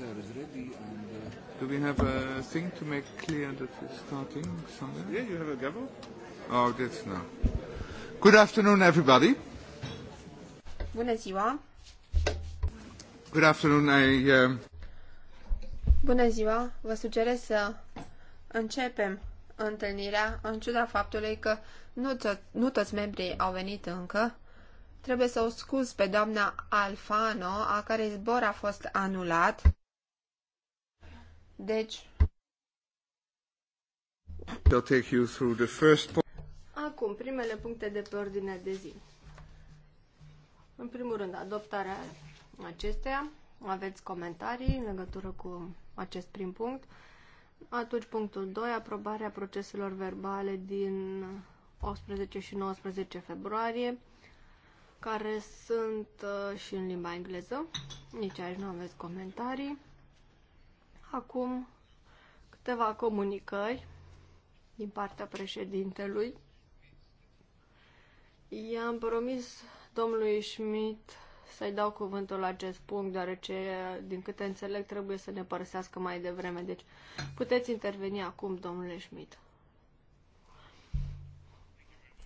is ready and... Uh... Do we have a thing to make clear that we're starting somewhere? Yeah, you have a gavel? Oh, that's now. Good afternoon, everybody. Bună ziua. Good afternoon, I... Uh... Bună ziua, vă sugerez să începem întâlnirea în ciuda faptului că nu, to- nu toți membrii au venit încă. Trebuie să o scuz pe doamna Alfano, a care zbor a fost anulat. Deci, take you through the first Acum, primele puncte de pe ordinea de zi. În primul rând, adoptarea acesteia. Aveți comentarii în legătură cu acest prim punct. Atunci, punctul 2, aprobarea proceselor verbale din 18 și 19 februarie, care sunt uh, și în limba engleză. Nici aici nu aveți comentarii. Acum câteva comunicări din partea președintelui. I-am promis domnului Schmidt să-i dau cuvântul la acest punct, deoarece, din câte înțeleg, trebuie să ne părăsească mai devreme. Deci, puteți interveni acum, domnule Schmidt.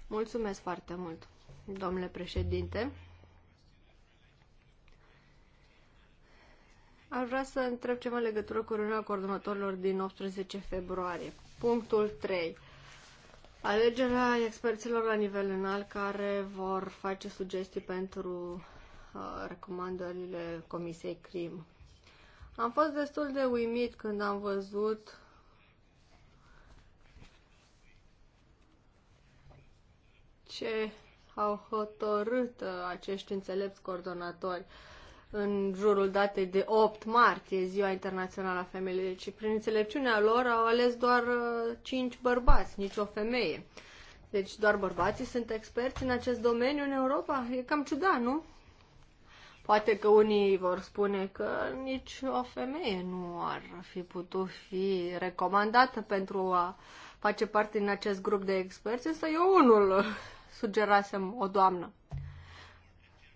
Mulțumesc foarte mult, domnule președinte. Ar vrea să întreb ceva în legătură cu reuniunea coordonatorilor din 18 februarie. Punctul 3. Alegerea experților la nivel înalt care vor face sugestii pentru uh, recomandările Comisiei CRIM. Am fost destul de uimit când am văzut ce au hotărât uh, acești înțelepți coordonatori. Uh, în jurul datei de 8 martie, Ziua Internațională a Femeilor. Deci, prin înțelepciunea lor, au ales doar 5 uh, bărbați, nicio femeie. Deci, doar bărbații sunt experți în acest domeniu în Europa? E cam ciudat, nu? Poate că unii vor spune că nici o femeie nu ar fi putut fi recomandată pentru a face parte din acest grup de experți, însă eu unul sugerasem o doamnă.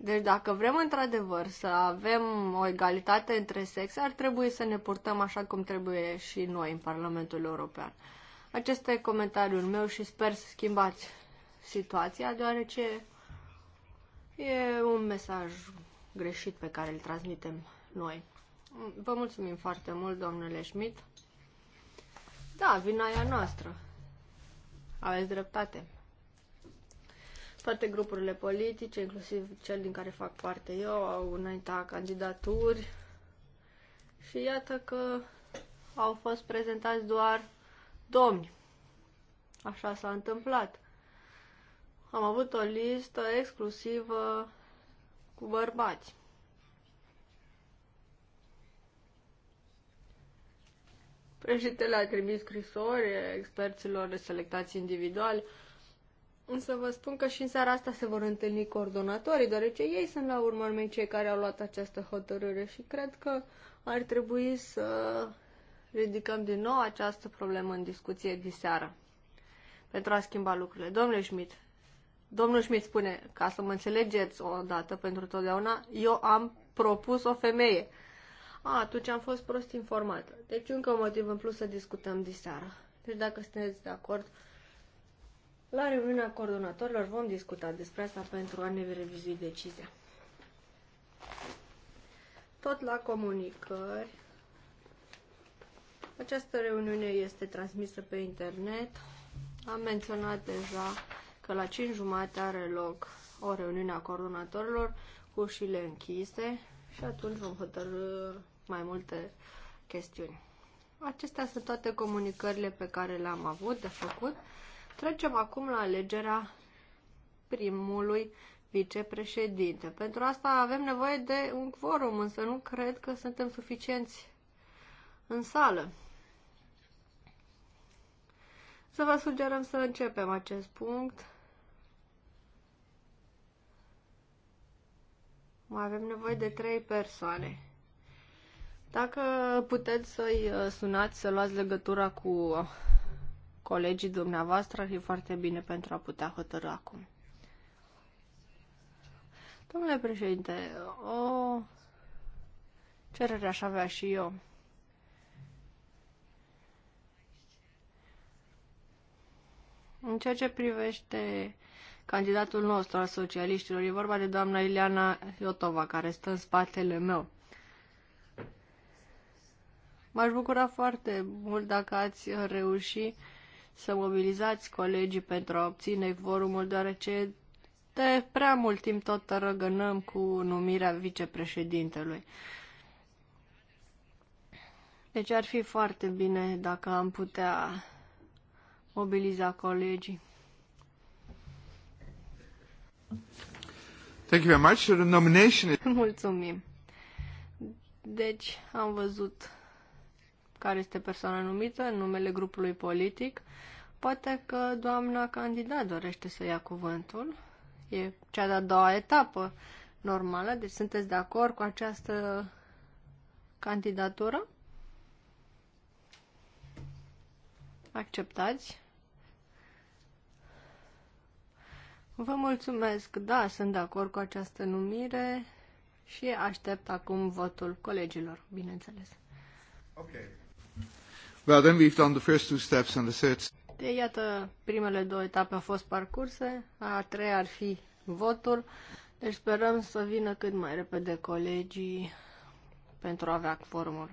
Deci dacă vrem într-adevăr să avem o egalitate între sexe, ar trebui să ne purtăm așa cum trebuie și noi în Parlamentul European. Acesta e comentariul meu și sper să schimbați situația, deoarece e un mesaj greșit pe care îl transmitem noi. Vă mulțumim foarte mult, domnule Schmidt. Da, vina e a noastră. Aveți dreptate. Toate grupurile politice, inclusiv cel din care fac parte eu, au înaintat candidaturi și iată că au fost prezentați doar domni. Așa s-a întâmplat. Am avut o listă exclusivă cu bărbați. Președintele a trimis scrisori experților selectați individual Însă vă spun că și în seara asta se vor întâlni coordonatorii, deoarece ei sunt la urmă mei cei care au luat această hotărâre și cred că ar trebui să ridicăm din nou această problemă în discuție de seară pentru a schimba lucrurile. Domnule Schmidt, domnul Schmidt spune, ca să mă înțelegeți o dată pentru totdeauna, eu am propus o femeie. A, atunci am fost prost informată. Deci încă un motiv în plus să discutăm de seară. Deci dacă sunteți de acord, la reuniunea coordonatorilor vom discuta despre asta pentru a ne revizui decizia. Tot la comunicări. Această reuniune este transmisă pe internet. Am menționat deja că la 5 jumate are loc o reuniune a coordonatorilor cu ușile închise și atunci vom hotărâ mai multe chestiuni. Acestea sunt toate comunicările pe care le-am avut de făcut. Trecem acum la alegerea primului vicepreședinte. Pentru asta avem nevoie de un quorum, însă nu cred că suntem suficienți în sală. Să vă sugerăm să începem acest punct. Mai avem nevoie de trei persoane. Dacă puteți să-i uh, sunați, să luați legătura cu uh, colegii dumneavoastră ar fi foarte bine pentru a putea hotărâ acum. Domnule președinte, o cerere aș avea și eu. În ceea ce privește candidatul nostru al socialiștilor, e vorba de doamna Ileana Iotova, care stă în spatele meu. M-aș bucura foarte mult dacă ați reușit să mobilizați colegii pentru a obține vorumul, deoarece de prea mult timp tot răgănăm cu numirea vicepreședintelui. Deci ar fi foarte bine dacă am putea mobiliza colegii. Thank you very much. The nomination Mulțumim. Deci am văzut care este persoana numită în numele grupului politic. Poate că doamna candidat dorește să ia cuvântul. E cea de-a doua etapă normală, deci sunteți de acord cu această candidatură? Acceptați? Vă mulțumesc, da, sunt de acord cu această numire și aștept acum votul colegilor, bineînțeles. Okay. Well, then we've done the first two steps and the third. De, iată, primele două etape au fost parcurse, a treia ar fi votul. Deci sperăm să vină cât mai repede colegii pentru a avea formul.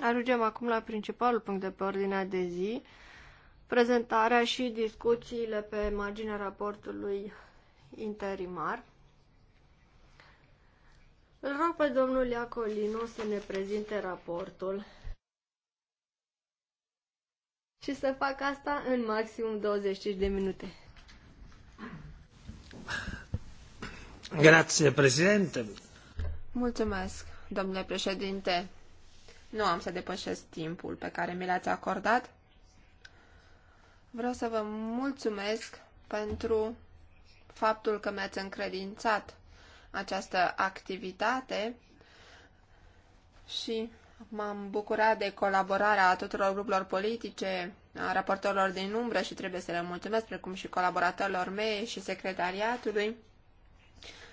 Ajungem acum la principalul punct de pe ordinea de zi, prezentarea și discuțiile pe marginea raportului interimar. Îl rog pe domnul Iacolino să ne prezinte raportul și să fac asta în maximum 25 de minute. Grazie, președinte. Mulțumesc, domnule președinte. Nu am să depășesc timpul pe care mi l-ați acordat. Vreau să vă mulțumesc pentru faptul că mi-ați încredințat această activitate și M-am bucurat de colaborarea a tuturor grupurilor politice, a raportorilor din umbră și trebuie să le mulțumesc, precum și colaboratorilor mei și secretariatului,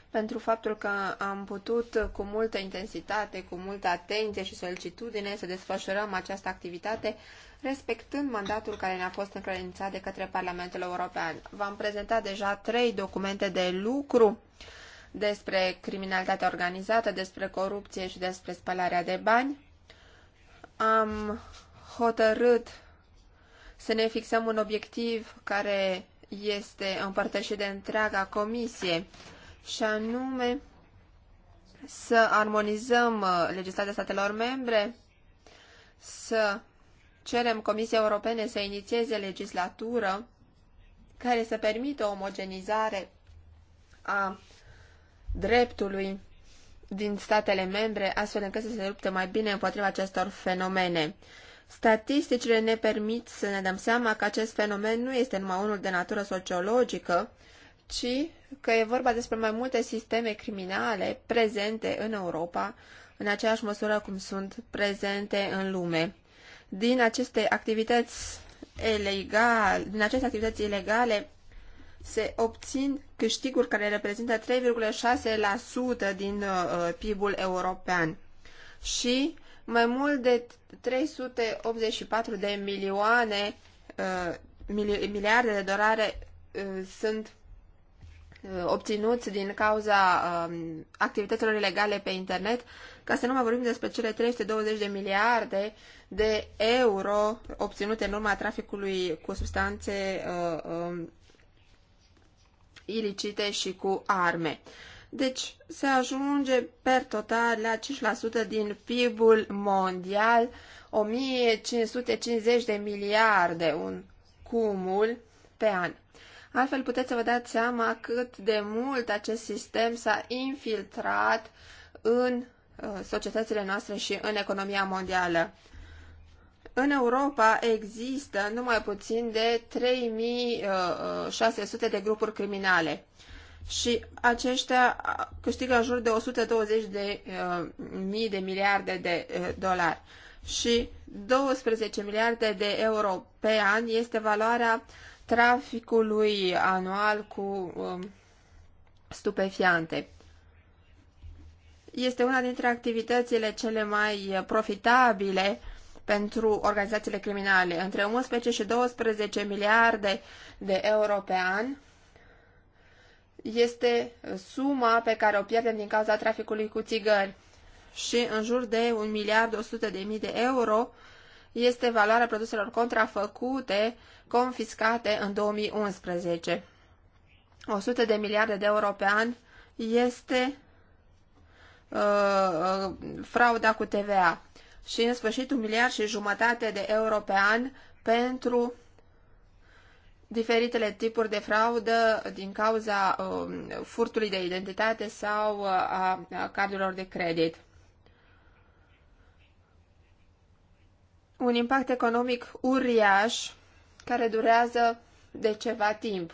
pentru faptul că am putut cu multă intensitate, cu multă atenție și solicitudine să desfășurăm această activitate, respectând mandatul care ne-a fost încredințat de către Parlamentul European. V-am prezentat deja trei documente de lucru despre criminalitatea organizată, despre corupție și despre spălarea de bani am hotărât să ne fixăm un obiectiv care este împărtășit de întreaga comisie și anume să armonizăm uh, legislația statelor membre, să cerem Comisiei Europene să inițieze legislatură care să permită omogenizare a dreptului din statele membre, astfel încât să se lupte mai bine împotriva acestor fenomene. Statisticile ne permit să ne dăm seama că acest fenomen nu este numai unul de natură sociologică, ci că e vorba despre mai multe sisteme criminale prezente în Europa, în aceeași măsură cum sunt prezente în lume. Din aceste activități ilegale, din aceste activități ilegale se obțin câștiguri care reprezintă 3,6% din uh, PIB-ul european și mai mult de 384 de milioane uh, miliarde de dolari uh, sunt uh, obținuți din cauza um, activităților ilegale pe internet, ca să nu mai vorbim despre cele 320 de miliarde de euro obținute în urma traficului cu substanțe uh, um, ilicite și cu arme. Deci se ajunge per total la 5% din PIB-ul mondial, 1550 de miliarde, un cumul pe an. Altfel puteți să vă dați seama cât de mult acest sistem s-a infiltrat în uh, societățile noastre și în economia mondială. În Europa există numai puțin de 3600 uh, uh, de grupuri criminale și aceștia câștigă în jur de 120 de uh, mii de miliarde de dolari și 12 miliarde de euro pe an este valoarea traficului anual cu um, stupefiante. Este una dintre activitățile cele mai profitabile uh, pentru organizațiile criminale, între 11 și 12 miliarde de euro pe an, este suma pe care o pierdem din cauza traficului cu țigări și în jur de 1 miliard 100 de mii de euro este valoarea produselor contrafăcute confiscate în 2011. 100 de miliarde de euro pe an este uh, uh frauda cu TVA și în sfârșit un miliard și jumătate de euro pe an pentru diferitele tipuri de fraudă din cauza uh, furtului de identitate sau uh, a, a cardurilor de credit. Un impact economic uriaș care durează de ceva timp.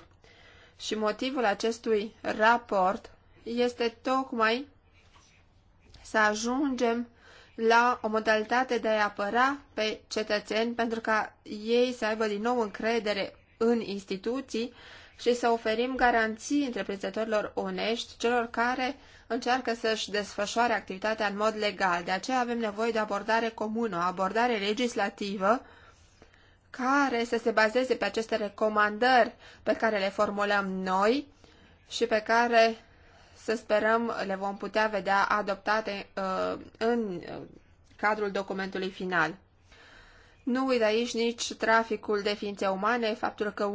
Și motivul acestui raport este tocmai să ajungem la o modalitate de a apăra pe cetățeni pentru ca ei să aibă din nou încredere în instituții și să oferim garanții întreprinzătorilor onești, celor care încearcă să-și desfășoare activitatea în mod legal. De aceea avem nevoie de abordare comună, o abordare legislativă care să se bazeze pe aceste recomandări pe care le formulăm noi și pe care să sperăm le vom putea vedea adoptate uh, în uh, cadrul documentului final. Nu uit aici nici traficul de ființe umane, faptul că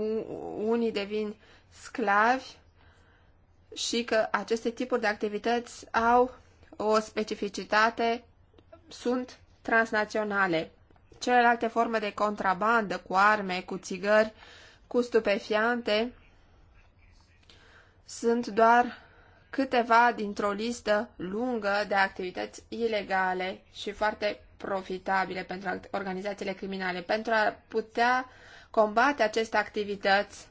unii devin sclavi și că aceste tipuri de activități au o specificitate, sunt transnaționale. Celelalte forme de contrabandă cu arme, cu țigări, cu stupefiante sunt doar câteva dintr-o listă lungă de activități ilegale și foarte profitabile pentru organizațiile criminale. Pentru a putea combate aceste activități,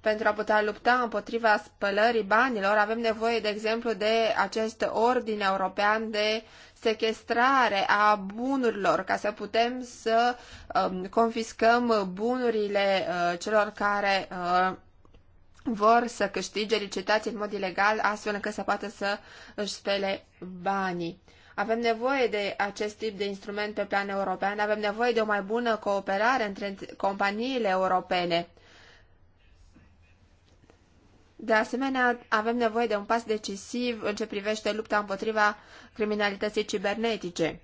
pentru a putea lupta împotriva spălării banilor, avem nevoie, de exemplu, de acest ordin european de sequestrare a bunurilor, ca să putem să um, confiscăm bunurile uh, celor care uh, vor să câștige licitații în mod ilegal, astfel încât să poată să își spele banii. Avem nevoie de acest tip de instrument pe plan european, avem nevoie de o mai bună cooperare între companiile europene. De asemenea, avem nevoie de un pas decisiv în ce privește lupta împotriva criminalității cibernetice.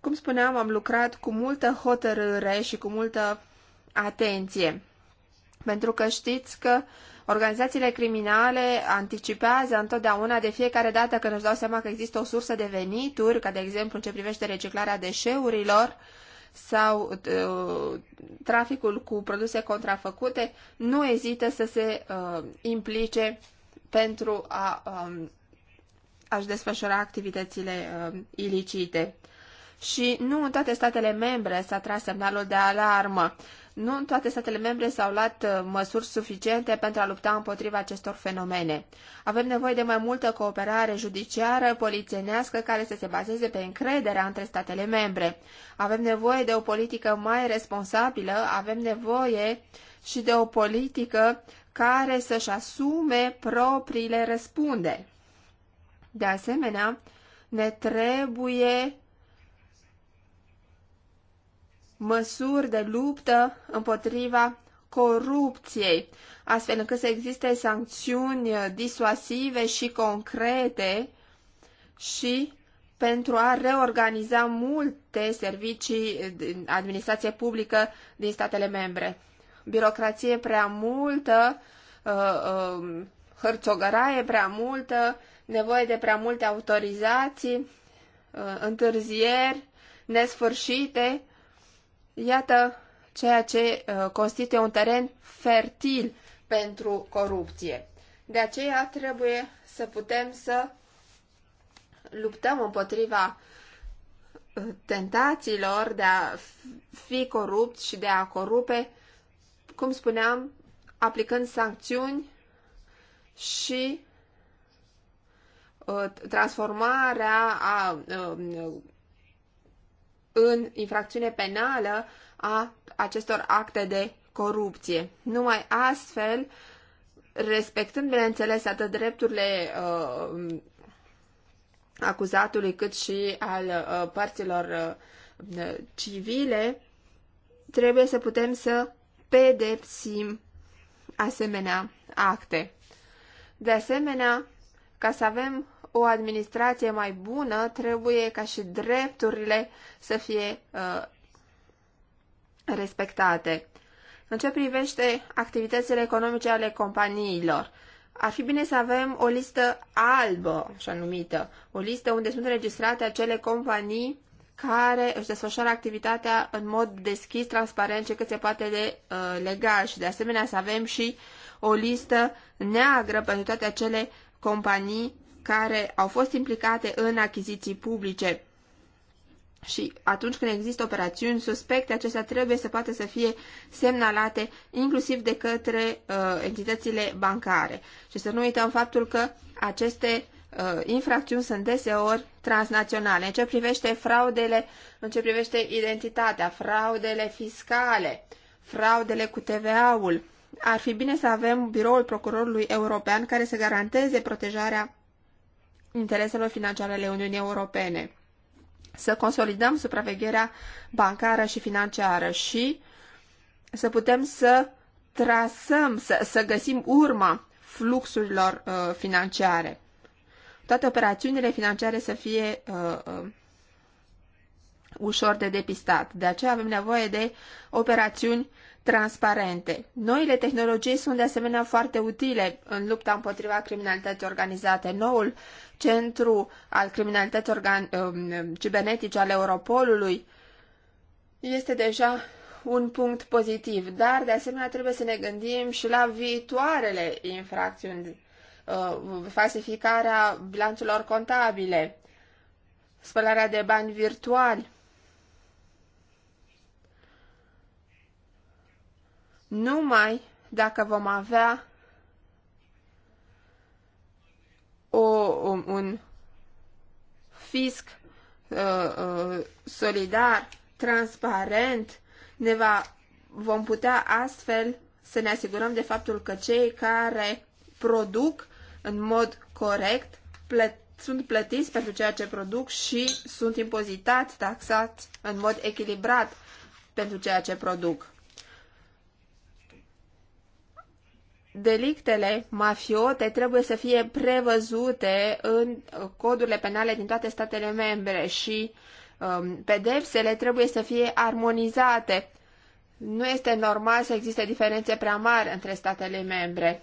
Cum spuneam, am lucrat cu multă hotărâre și cu multă atenție. Pentru că știți că organizațiile criminale anticipează întotdeauna de fiecare dată când își dau seama că există o sursă de venituri, ca de exemplu în ce privește reciclarea deșeurilor sau uh, traficul cu produse contrafăcute, nu ezită să se uh, implice pentru a, um, a-și desfășura activitățile uh, ilicite. Și nu în toate statele membre s-a tras semnalul de alarmă. Uh, nu în toate statele membre s-au luat uh, măsuri suficiente pentru a lupta împotriva acestor fenomene. Avem nevoie de mai multă cooperare judiciară, polițienească, care să se bazeze pe încrederea între statele membre. Avem nevoie de o politică mai responsabilă, avem nevoie și de o politică care să-și asume propriile răspunderi. De asemenea, ne trebuie măsuri de luptă împotriva corupției, astfel încât să existe sancțiuni disuasive și concrete și pentru a reorganiza multe servicii din administrație publică din statele membre. Birocrație prea multă, hărțogăraie uh, um, prea multă, nevoie de prea multe autorizații, uh, întârzieri nesfârșite, Iată ceea ce uh, constituie un teren fertil pentru corupție. De aceea trebuie să putem să luptăm împotriva uh, tentațiilor de a fi corupt și de a corupe, cum spuneam, aplicând sancțiuni și uh, transformarea a în infracțiune penală a acestor acte de corupție. Numai astfel, respectând, bineînțeles, atât drepturile uh, acuzatului cât și al uh, părților uh, civile, trebuie să putem să pedepsim asemenea acte. De asemenea, ca să avem o administrație mai bună, trebuie ca și drepturile să fie uh, respectate. În ce privește activitățile economice ale companiilor, ar fi bine să avem o listă albă, așa numită, o listă unde sunt registrate acele companii care își desfășoară activitatea în mod deschis, transparent și cât se poate de uh, legal și de asemenea să avem și o listă neagră pentru toate acele companii care au fost implicate în achiziții publice și atunci când există operațiuni suspecte, acestea trebuie să poată să fie semnalate inclusiv de către uh, entitățile bancare. Și să nu uităm faptul că aceste uh, infracțiuni sunt deseori transnaționale. În ce privește fraudele, în ce privește identitatea, fraudele fiscale, fraudele cu TVA-ul, ar fi bine să avem biroul procurorului european care să garanteze protejarea intereselor financiare ale Uniunii Europene, să consolidăm supravegherea bancară și financiară și să putem să trasăm, să, să găsim urma fluxurilor uh, financiare. Toate operațiunile financiare să fie uh, uh, ușor de depistat. De aceea avem nevoie de operațiuni transparente. Noile tehnologii sunt de asemenea foarte utile în lupta împotriva criminalității organizate. Noul centru al criminalității organ- um, cibernetice al Europolului este deja un punct pozitiv, dar de asemenea trebuie să ne gândim și la viitoarele infracțiuni, uh, falsificarea bilanțelor contabile, spălarea de bani virtuali, numai dacă vom avea o, un, un fisc uh, uh, solidar, transparent, ne va, vom putea astfel să ne asigurăm de faptul că cei care produc în mod corect plăt, sunt plătiți pentru ceea ce produc și sunt impozitați, taxați în mod echilibrat pentru ceea ce produc. delictele mafiote trebuie să fie prevăzute în codurile penale din toate statele membre și um, pedepsele trebuie să fie armonizate. Nu este normal să existe diferențe prea mari între statele membre.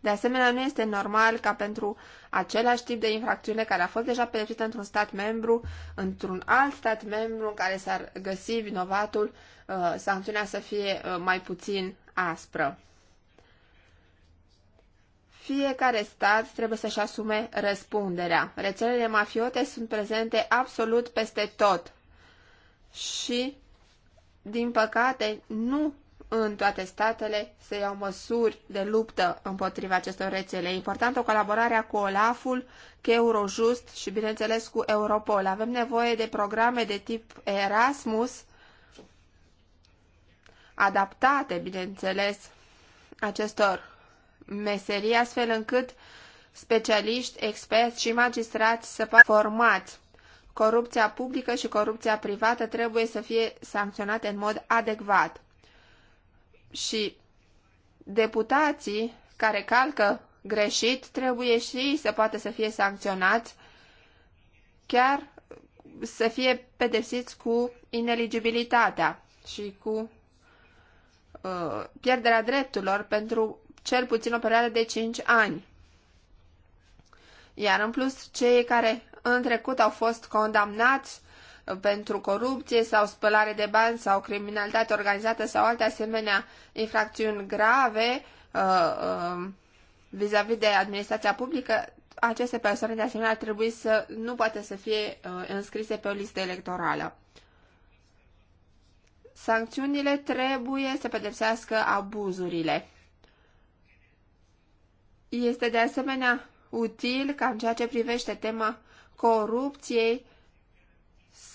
De asemenea, nu este normal ca pentru același tip de infracțiune care a fost deja pedepsită într-un stat membru, într-un alt stat membru în care s-ar găsi vinovatul, uh, sancțiunea să fie uh, mai puțin aspră. Fiecare stat trebuie să-și asume răspunderea. Rețelele mafiote sunt prezente absolut peste tot și, din păcate, nu în toate statele se iau măsuri de luptă împotriva acestor rețele. E importantă colaborarea cu OLAF-ul, cu Eurojust și, bineînțeles, cu Europol. Avem nevoie de programe de tip Erasmus, adaptate, bineînțeles, acestor meserii, astfel încât specialiști, experți și magistrați să poată formați corupția publică și corupția privată trebuie să fie sancționate în mod adecvat. Și deputații care calcă greșit trebuie și să poată să fie sancționați, chiar să fie pedepsiți cu ineligibilitatea și cu uh, pierderea drepturilor pentru cel puțin o perioadă de 5 ani. Iar în plus, cei care în trecut au fost condamnați pentru corupție sau spălare de bani sau criminalitate organizată sau alte asemenea infracțiuni grave vis-a-vis uh, uh, -vis de administrația publică, aceste persoane de asemenea ar trebui să nu poată să fie uh, înscrise pe o listă electorală. Sancțiunile trebuie să pedepsească abuzurile. Este de asemenea util ca în ceea ce privește tema corupției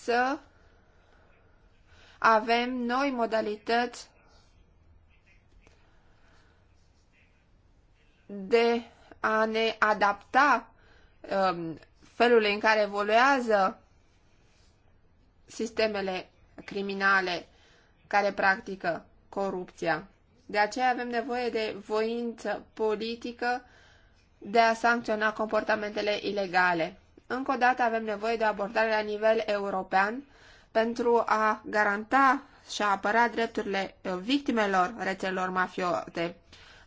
să avem noi modalități de a ne adapta um, felul în care evoluează sistemele criminale care practică corupția. De aceea avem nevoie de voință politică de a sancționa comportamentele ilegale. Încă o dată avem nevoie de o abordare la nivel european pentru a garanta și a apăra drepturile uh, victimelor rețelor mafiote.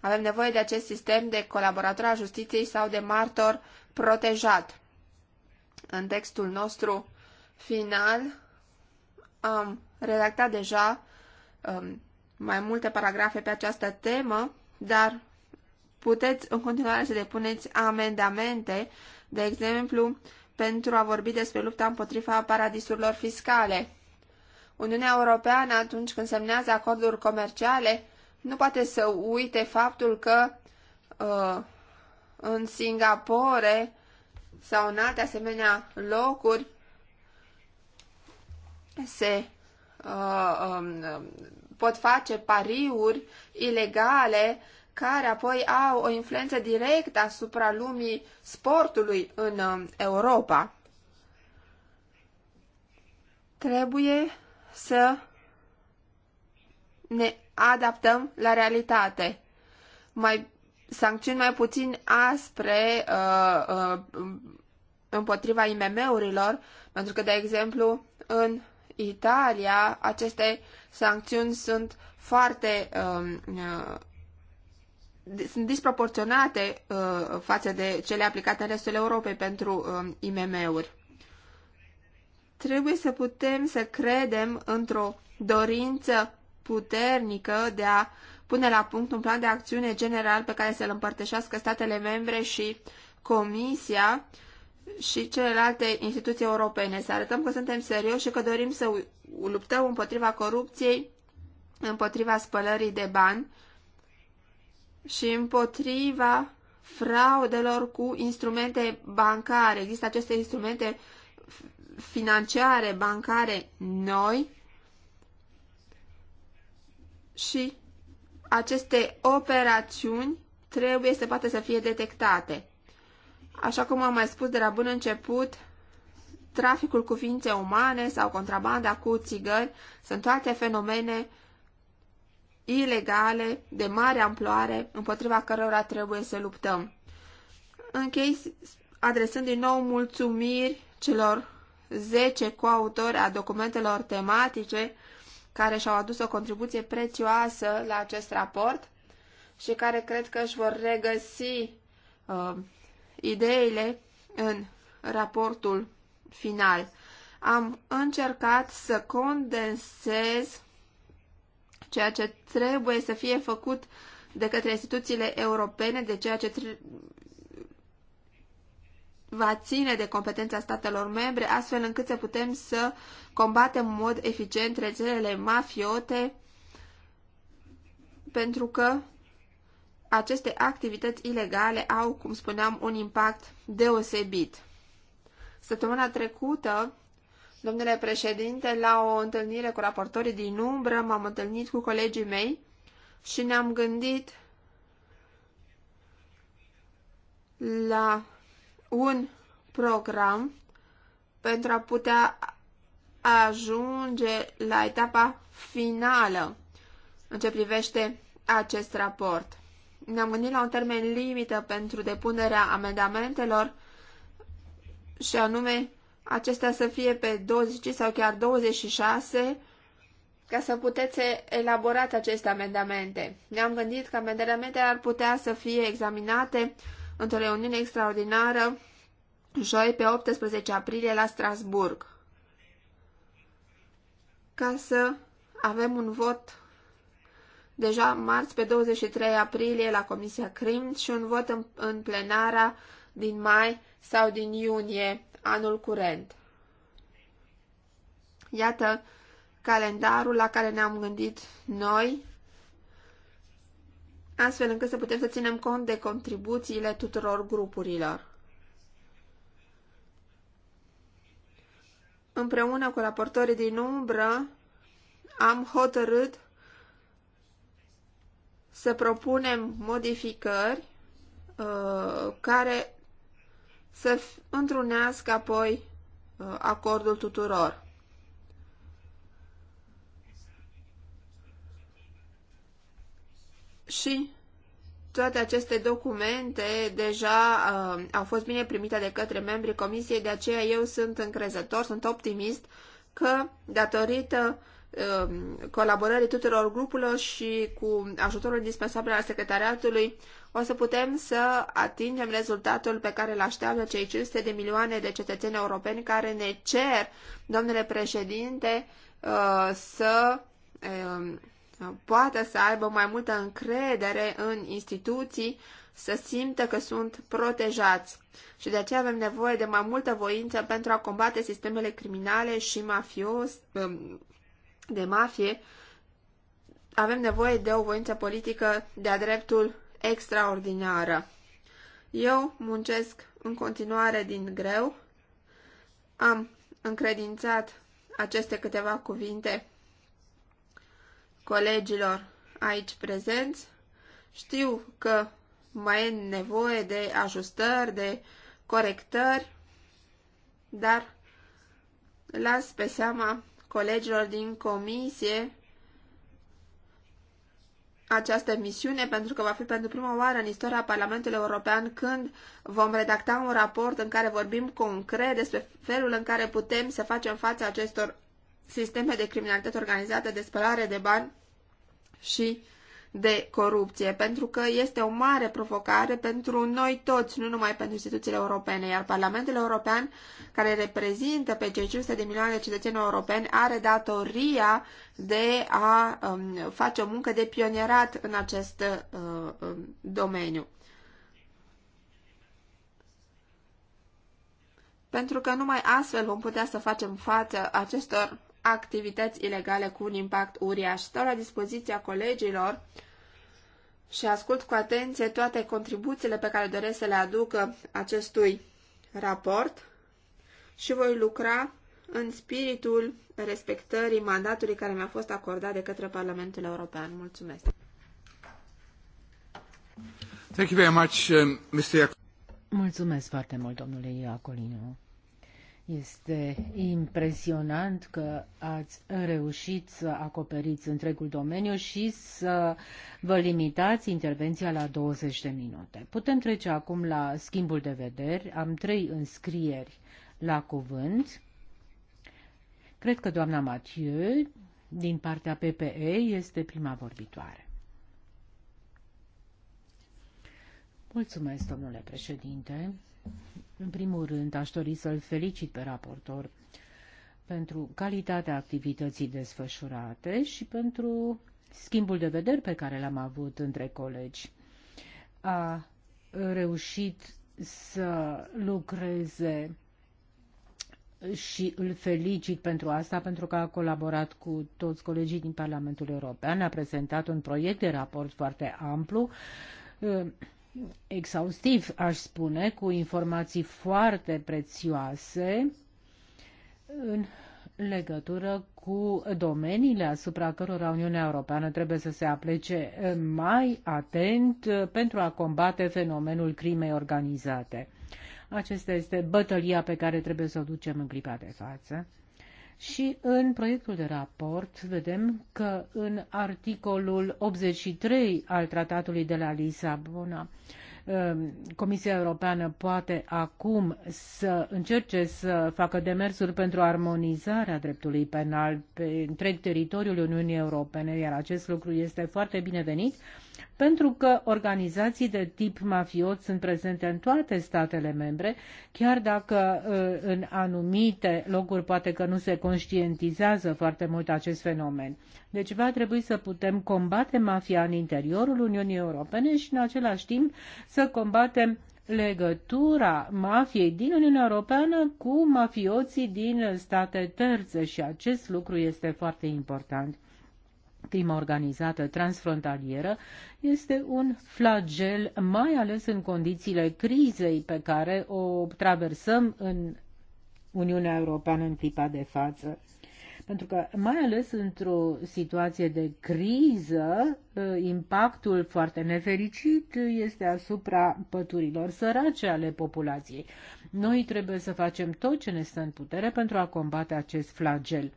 Avem nevoie de acest sistem de colaborator a justiției sau de martor protejat. În textul nostru final am redactat deja um, mai multe paragrafe pe această temă, dar puteți în continuare să depuneți amendamente de exemplu, pentru a vorbi despre lupta împotriva paradisurilor fiscale. Uniunea Europeană, atunci când semnează acorduri comerciale, nu poate să uite faptul că uh, în Singapore sau în alte asemenea locuri se uh, um, pot face pariuri ilegale care apoi au o influență directă asupra lumii sportului în um, Europa. Trebuie să ne adaptăm la realitate. Mai sancțiuni mai puțin aspre uh, uh, împotriva IMM-urilor, pentru că, de exemplu, în Italia aceste sancțiuni sunt foarte um, uh, sunt disproporționate uh, față de cele aplicate în restul Europei pentru uh, um, IMM-uri. Trebuie să putem să credem într-o dorință puternică de a pune la punct un plan de acțiune general pe care să-l împărtășească statele membre și Comisia și celelalte instituții europene. Să arătăm că suntem serioși și că dorim să luptăm împotriva corupției, împotriva spălării de bani, și împotriva fraudelor cu instrumente bancare. Există aceste instrumente financiare, bancare noi și aceste operațiuni trebuie să poată să fie detectate. Așa cum am mai spus de la bun început, traficul cu ființe umane sau contrabanda cu țigări sunt toate fenomene ilegale de mare amploare împotriva cărora trebuie să luptăm. Închei adresând din nou mulțumiri celor 10 coautori a documentelor tematice care și-au adus o contribuție prețioasă la acest raport și care cred că își vor regăsi uh, ideile în raportul final. Am încercat să condensez ceea ce trebuie să fie făcut de către instituțiile europene, de ceea ce va ține de competența statelor membre, astfel încât să putem să combatem în mod eficient rețelele mafiote, pentru că aceste activități ilegale au, cum spuneam, un impact deosebit. Săptămâna trecută Domnule președinte, la o întâlnire cu raportorii din umbră m-am întâlnit cu colegii mei și ne-am gândit la un program pentru a putea ajunge la etapa finală în ce privește acest raport. Ne-am gândit la un termen limită pentru depunerea amendamentelor și anume acestea să fie pe 20 sau chiar 26 ca să puteți elabora aceste amendamente. Ne-am gândit că amendamentele ar putea să fie examinate într-o reuniune extraordinară joi pe 18 aprilie la Strasburg ca să avem un vot deja marți pe 23 aprilie la Comisia CRIM și un vot în, în plenara din mai sau din iunie anul curent. Iată calendarul la care ne-am gândit noi, astfel încât să putem să ținem cont de contribuțiile tuturor grupurilor. Împreună cu raportorii din umbră, am hotărât să propunem modificări uh, care să întrunească apoi uh, acordul tuturor. Și toate aceste documente deja uh, au fost bine primite de către membrii comisiei, de aceea eu sunt încrezător, sunt optimist că, datorită uh, Um, colaborării tuturor grupurilor și cu ajutorul indispensabil al secretariatului, o să putem să atingem rezultatul pe care îl așteaptă cei 500 de milioane de cetățeni europeni care ne cer, domnule președinte, uh, să um, poată să aibă mai multă încredere în instituții, să simtă că sunt protejați. Și de aceea avem nevoie de mai multă voință pentru a combate sistemele criminale și mafios, um, de mafie, avem nevoie de o voință politică de-a dreptul extraordinară. Eu muncesc în continuare din greu. Am încredințat aceste câteva cuvinte colegilor aici prezenți. Știu că mai e nevoie de ajustări, de corectări, dar las pe seama colegilor din comisie această misiune, pentru că va fi pentru prima oară în istoria Parlamentului European când vom redacta un raport în care vorbim concret despre felul în care putem să facem față acestor sisteme de criminalitate organizată, de spălare de bani și de corupție, pentru că este o mare provocare pentru noi toți, nu numai pentru instituțiile europene, iar Parlamentul European, care reprezintă pe cei 500 de milioane de cetățeni europeni, are datoria de a um, face o muncă de pionierat în acest uh, um, domeniu. Pentru că numai astfel vom putea să facem față acestor activități ilegale cu un impact uriaș. Stau la dispoziția colegilor și ascult cu atenție toate contribuțiile pe care doresc să le aducă acestui raport și voi lucra în spiritul respectării mandatului care mi-a fost acordat de către Parlamentul European. Mulțumesc! Thank you very much, uh, Mr. Mulțumesc foarte mult, domnule Iacolino. Este impresionant că ați reușit să acoperiți întregul domeniu și să vă limitați intervenția la 20 de minute. Putem trece acum la schimbul de vederi. Am trei înscrieri la cuvânt. Cred că doamna Mathieu, din partea PPE, este prima vorbitoare. Mulțumesc, domnule președinte. În primul rând, aș dori să-l felicit pe raportor pentru calitatea activității desfășurate și pentru schimbul de vederi pe care l-am avut între colegi. A reușit să lucreze și îl felicit pentru asta, pentru că a colaborat cu toți colegii din Parlamentul European, a prezentat un proiect de raport foarte amplu exhaustiv, aș spune, cu informații foarte prețioase în legătură cu domeniile asupra cărora Uniunea Europeană trebuie să se aplece mai atent pentru a combate fenomenul crimei organizate. Acesta este bătălia pe care trebuie să o ducem în clipa de față. Și în proiectul de raport vedem că în articolul 83 al Tratatului de la Lisabona, um, Comisia Europeană poate acum să încerce să facă demersuri pentru armonizarea dreptului penal pe întreg teritoriul Uniunii Europene, iar acest lucru este foarte binevenit pentru că organizații de tip mafiot sunt prezente în toate statele membre, chiar dacă uh, în anumite locuri poate că nu se conștientizează foarte mult acest fenomen. Deci va trebui să putem combate mafia în interiorul Uniunii Europene și în același timp să combatem legătura mafiei din Uniunea Europeană cu mafioții din state terțe și acest lucru este foarte important crimă organizată transfrontalieră este un flagel, mai ales în condițiile crizei pe care o traversăm în Uniunea Europeană în clipa de față. Pentru că, mai ales într-o situație de criză, ă, impactul foarte nefericit este asupra păturilor sărace ale populației. Noi trebuie să facem tot ce ne stă în putere pentru a combate acest flagel.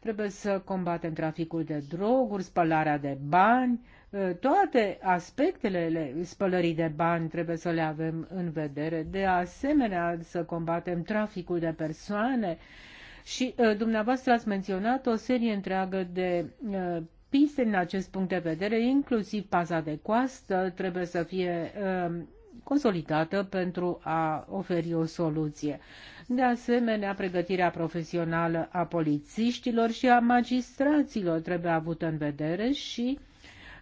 Trebuie să combatem traficul de droguri, spălarea de bani, ă, toate aspectele spălării de bani trebuie să le avem în vedere. De asemenea, să combatem traficul de persoane și ă, dumneavoastră ați menționat o serie întreagă de ă, piste în acest punct de vedere, inclusiv paza de coastă trebuie să fie consolidată pentru a oferi o soluție. De asemenea, pregătirea profesională a polițiștilor și a magistraților trebuie avută în vedere și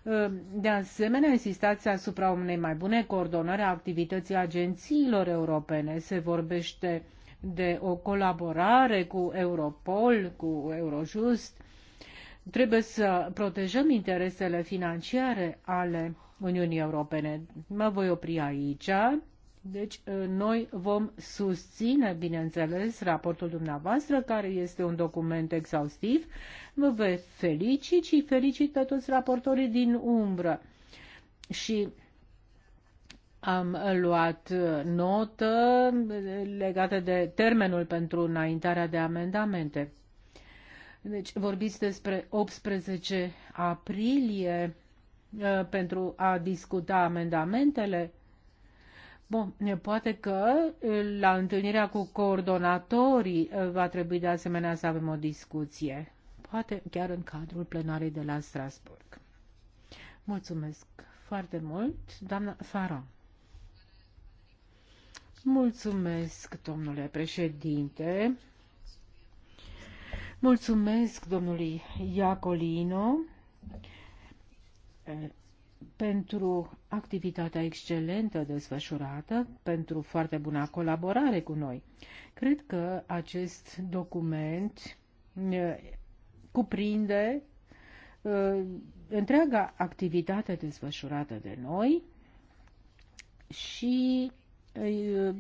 ă, de asemenea, insistați asupra unei mai bune coordonări a activității agențiilor europene. Se vorbește de o colaborare cu Europol, cu Eurojust. Trebuie să protejăm interesele financiare ale Uniunii Europene. Mă voi opri aici. Deci, ă, noi vom susține, bineînțeles, raportul dumneavoastră, care este un document exhaustiv. Vă, felicit și felicit pe toți raportorii din umbră. Și am luat notă legată de termenul pentru înaintarea de amendamente. Deci, vorbiți despre 18 aprilie Uh, pentru a discuta amendamentele? Bun, poate că la întâlnirea cu coordonatorii va trebui de asemenea să avem o discuție, poate chiar în cadrul plenarei de la Strasburg. Mulțumesc foarte mult, doamna Faron. Mulțumesc, domnule președinte. Mulțumesc domnului Iacolino pentru activitatea excelentă desfășurată, pentru foarte buna colaborare cu noi. Cred că acest document cuprinde întreaga activitate desfășurată de noi și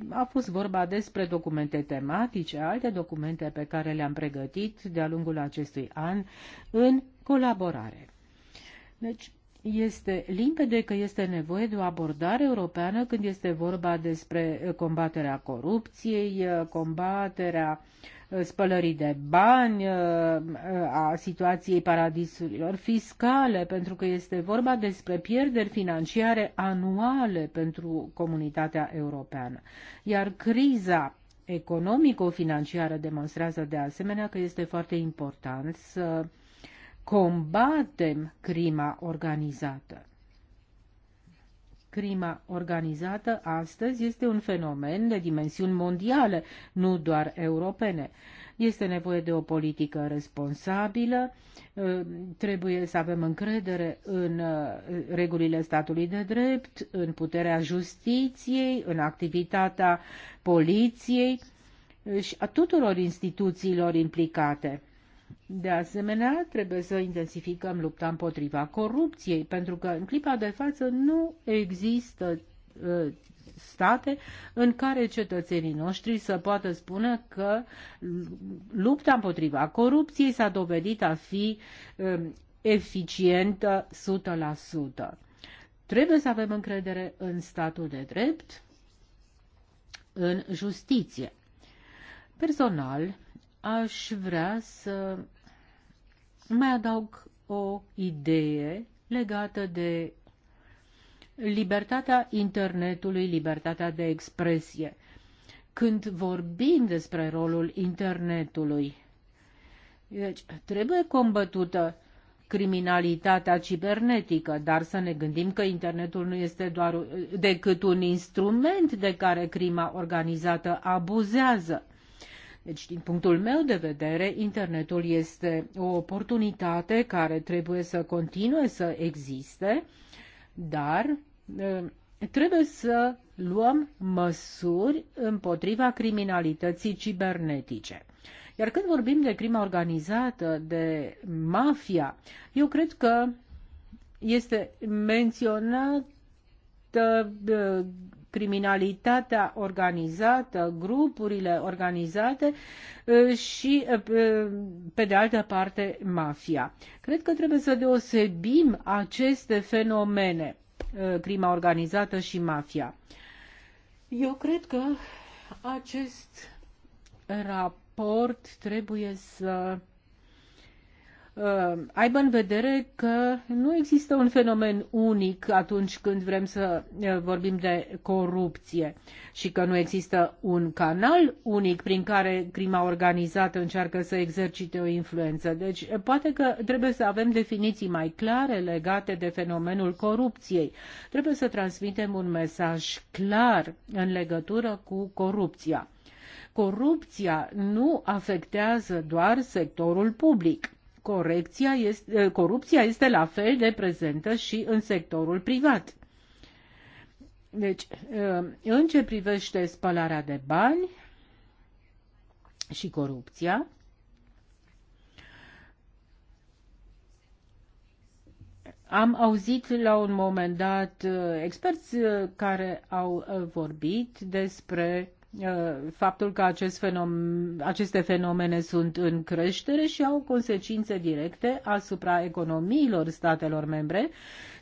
a fost vorba despre documente tematice, alte documente pe care le-am pregătit de-a lungul acestui an în colaborare. Deci, este limpede că este nevoie de o abordare europeană când este vorba despre uh, combaterea corupției, uh, combaterea uh, spălării de bani, a situației paradisurilor fiscale, pentru că este vorba despre pierderi financiare anuale pentru comunitatea europeană. Iar criza economico-financiară demonstrează de asemenea că este foarte important să combatem crima organizată. Crima organizată astăzi este un fenomen de dimensiuni mondiale, nu doar europene. Este nevoie de o politică responsabilă, uh, trebuie să avem încredere în uh, regulile statului de drept, în puterea justiției, în activitatea poliției uh, și a tuturor instituțiilor implicate de asemenea, trebuie să intensificăm lupta împotriva corupției, pentru că în clipa de față nu există uh, state în care cetățenii noștri să poată spune că lupta împotriva corupției s-a dovedit a fi uh, eficientă 100%. Trebuie să avem încredere în statul de drept, în justiție. Personal, aș vrea să mai adaug o idee legată de libertatea internetului, libertatea de expresie. Când vorbim despre rolul internetului, deci trebuie combătută criminalitatea cibernetică, dar să ne gândim că internetul nu este doar decât un instrument de care crima organizată abuzează. Deci, din punctul meu de vedere, internetul este o oportunitate care trebuie să continue să existe, dar trebuie să luăm măsuri împotriva criminalității cibernetice. Iar când vorbim de crimă organizată, de mafia, eu cred că este menționat criminalitatea organizată, grupurile organizate și, pe de altă parte, mafia. Cred că trebuie să deosebim aceste fenomene, crima organizată și mafia. Eu cred că acest raport trebuie să Uh, aibă în vedere că nu există un fenomen unic atunci când vrem să uh, vorbim de corupție și că nu există un canal unic prin care crima organizată încearcă să exercite o influență. Deci uh, poate că trebuie să avem definiții mai clare legate de fenomenul corupției. Trebuie să transmitem un mesaj clar în legătură cu corupția. Corupția nu afectează doar sectorul public corecția este, eh, corupția este la fel de prezentă și în sectorul privat. Deci, eh, în ce privește spălarea de bani și corupția, Am auzit la un moment dat eh, experți care au vorbit despre Uh, faptul că acest fenomen, aceste fenomene sunt în creștere și au consecințe directe asupra economiilor statelor membre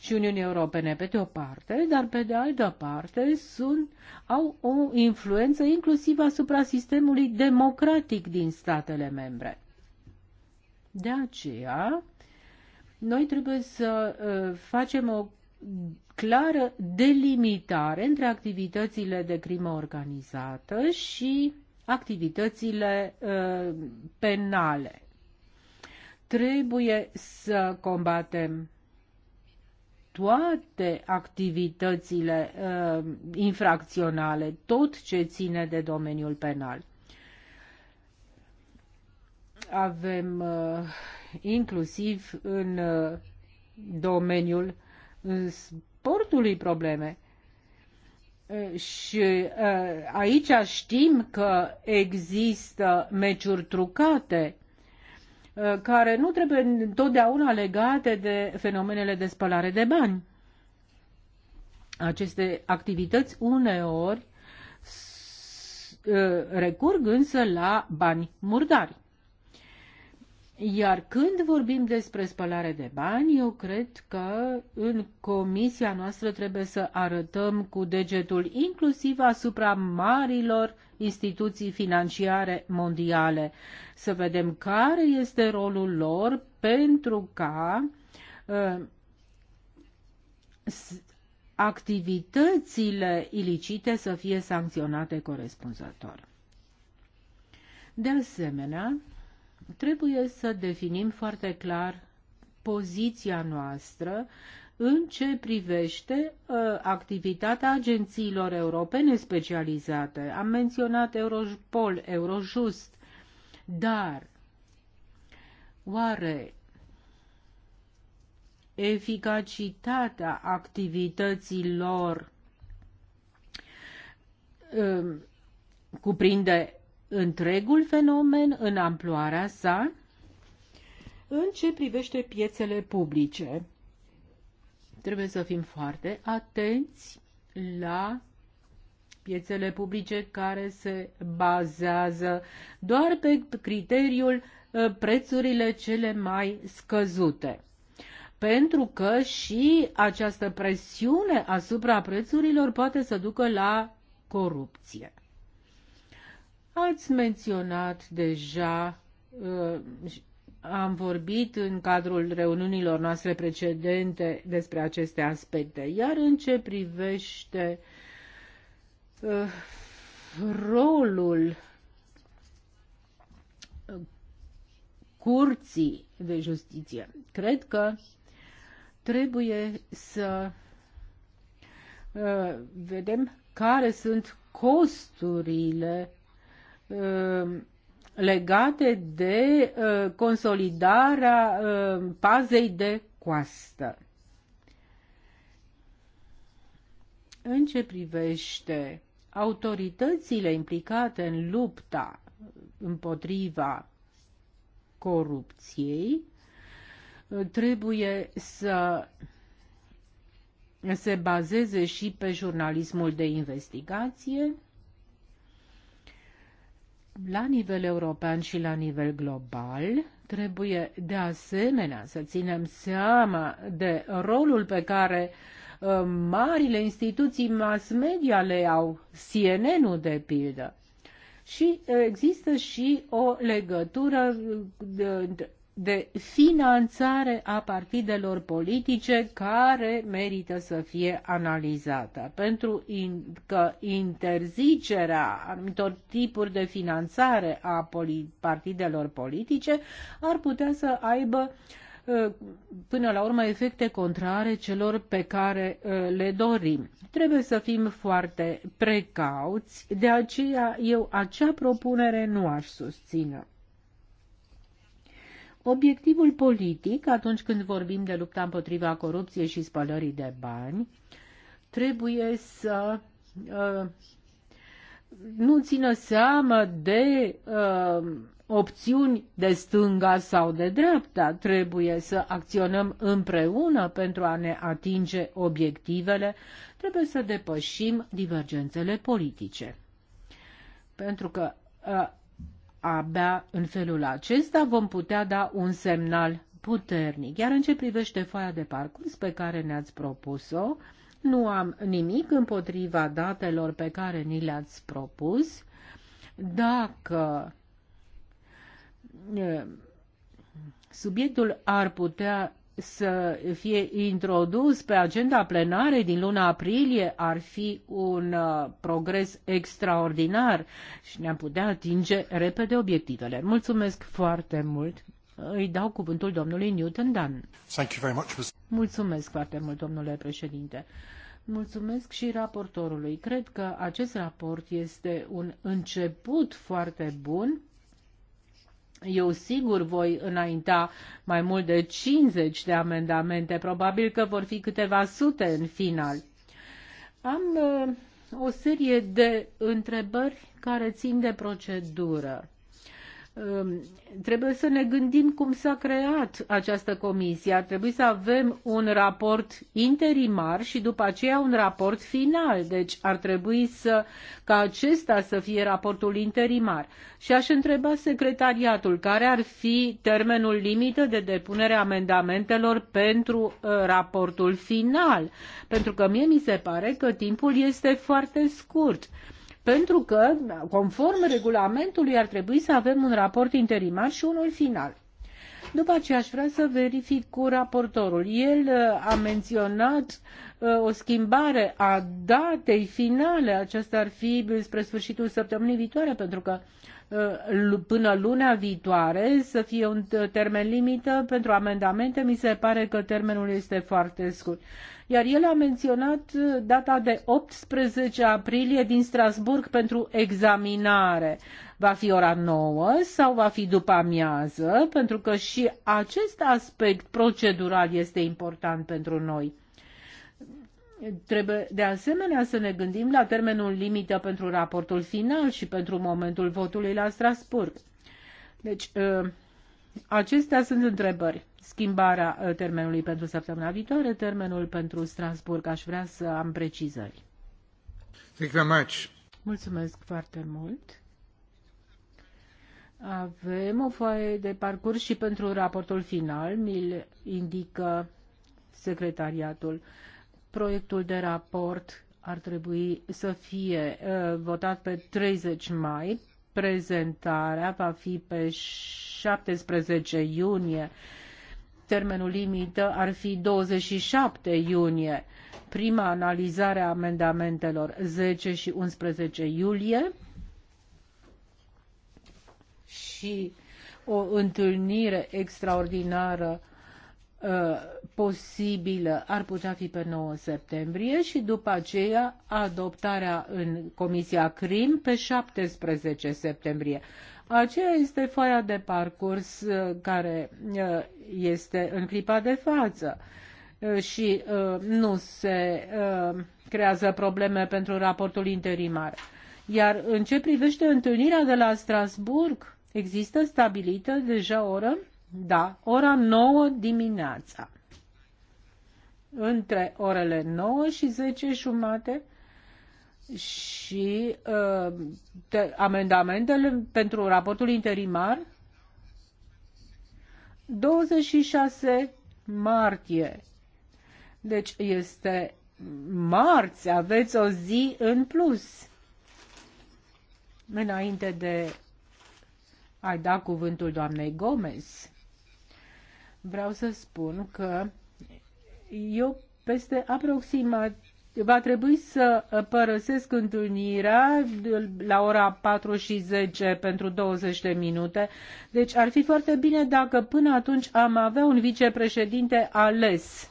și Uniunii Europene pe de o parte, dar pe de altă parte sunt, au o influență inclusiv asupra sistemului democratic din statele membre. De aceea, noi trebuie să uh, facem o clară delimitare între activitățile de crimă organizată și activitățile uh, penale. Trebuie să combatem toate activitățile uh, infracționale, tot ce ține de domeniul penal. Avem uh, inclusiv în uh, domeniul transportului probleme. Și aici știm că există meciuri trucate care nu trebuie întotdeauna legate de fenomenele de spălare de bani. Aceste activități uneori recurg însă la bani murdari. Iar când vorbim despre spălare de bani, eu cred că în comisia noastră trebuie să arătăm cu degetul inclusiv asupra marilor instituții financiare mondiale, să vedem care este rolul lor pentru ca uh, activitățile ilicite să fie sancționate corespunzător. De asemenea, Trebuie să definim foarte clar poziția noastră în ce privește uh, activitatea agențiilor europene specializate. Am menționat Europol, Eurojust, dar oare eficacitatea activității lor uh, um, cuprinde întregul fenomen în amploarea sa în ce privește piețele publice. Trebuie să fim foarte atenți la piețele publice care se bazează doar pe criteriul ă, prețurile cele mai scăzute. Pentru că și această presiune asupra prețurilor poate să ducă la corupție. Ați menționat deja, uh, am vorbit în cadrul reuniunilor noastre precedente despre aceste aspecte, iar în ce privește uh, rolul uh, curții de justiție. Cred că trebuie să vedem care sunt costurile Uh, legate de uh, consolidarea uh, pazei de coastă. În ce privește autoritățile implicate în lupta împotriva corupției, trebuie să se bazeze și pe jurnalismul de investigație, la nivel european și la nivel global trebuie de asemenea să ținem seama de rolul pe care uh, marile instituții mass media le au, CNN-ul de pildă. Și există și o legătură uh, de, de finanțare a partidelor politice care merită să fie analizată, pentru că interzicerea anumitor tipuri de finanțare a partidelor politice ar putea să aibă uh, până la urmă efecte contrare celor pe care uh, le dorim. Trebuie să fim foarte precauți, de aceea eu acea propunere nu aș susține. Obiectivul politic, atunci când vorbim de lupta împotriva corupției și spălării de bani, trebuie să uh, nu țină seamă de uh, opțiuni de stânga sau de dreapta. Trebuie să acționăm împreună pentru a ne atinge obiectivele. Trebuie să depășim divergențele politice. Pentru că uh, Abia în felul acesta vom putea da un semnal puternic. Iar în ce privește foaia de parcurs pe care ne-ați propus-o, nu am nimic împotriva datelor pe care ni le-ați propus. Dacă subiectul ar putea să fie introdus pe agenda plenare din luna aprilie ar fi un uh, progres extraordinar și ne-am putea atinge repede obiectivele. Mulțumesc foarte mult. Îi dau cuvântul domnului Newton Dan. Thank you very much, Mulțumesc foarte mult, domnule președinte. Mulțumesc și raportorului. Cred că acest raport este un început foarte bun eu sigur voi înainta mai mult de 50 de amendamente, probabil că vor fi câteva sute în final. Am uh, o serie de întrebări care țin de procedură. Um, trebuie să ne gândim cum s-a creat această comisie. Ar trebui să avem un raport interimar și după aceea un raport final. Deci ar trebui să, ca acesta să fie raportul interimar. Și aș întreba secretariatul care ar fi termenul limită de depunere a amendamentelor pentru uh, raportul final. Pentru că mie mi se pare că timpul este foarte scurt. Uh, pentru că, da, conform regulamentului, ar trebui să avem un raport interimar și unul final. După aceea aș vrea să verific cu raportorul. El uh, a menționat uh, o schimbare a datei finale. Aceasta ar fi spre sfârșitul săptămânii viitoare, pentru că uh, până luna viitoare să fie un termen limită pentru amendamente. Mi se pare că termenul este foarte scurt iar el a menționat uh, data de 18 aprilie din Strasburg pentru examinare. Va fi ora 9 sau va fi după amiază, pentru că și acest aspect procedural este important pentru noi. Trebuie de asemenea să ne gândim la termenul limită pentru raportul final și pentru momentul votului la Strasburg. Deci, uh, Acestea sunt întrebări. Schimbarea uh, termenului pentru săptămâna viitoare, termenul pentru Strasburg. Aș vrea să am precizări. Thank you very much. Mulțumesc foarte mult. Avem o foaie de parcurs și pentru raportul final, mi-l indică secretariatul. Proiectul de raport ar trebui să fie uh, votat pe 30 mai, prezentarea va fi pe 17 iunie. Termenul limită ar fi 27 iunie. Prima analizare a amendamentelor 10 și 11 iulie și o întâlnire extraordinară Uh, posibilă ar putea fi pe 9 septembrie și după aceea adoptarea în Comisia CRIM pe 17 septembrie. Aceea este foaia de parcurs uh, care uh, este în clipa de față și nu se creează probleme pentru raportul interimar. Iar în ce privește întâlnirea de la Strasburg, există stabilită deja oră da, ora 9 dimineața. Între orele 9 și 10 jumate și uh, te, amendamentele pentru raportul interimar 26 martie. Deci este marți, aveți o zi în plus. Înainte de a da cuvântul doamnei Gomez, vreau să spun că eu peste aproximativ va trebui să părăsesc întâlnirea la ora 4 și 10 pentru 20 de minute. Deci ar fi foarte bine dacă până atunci am avea un vicepreședinte ales.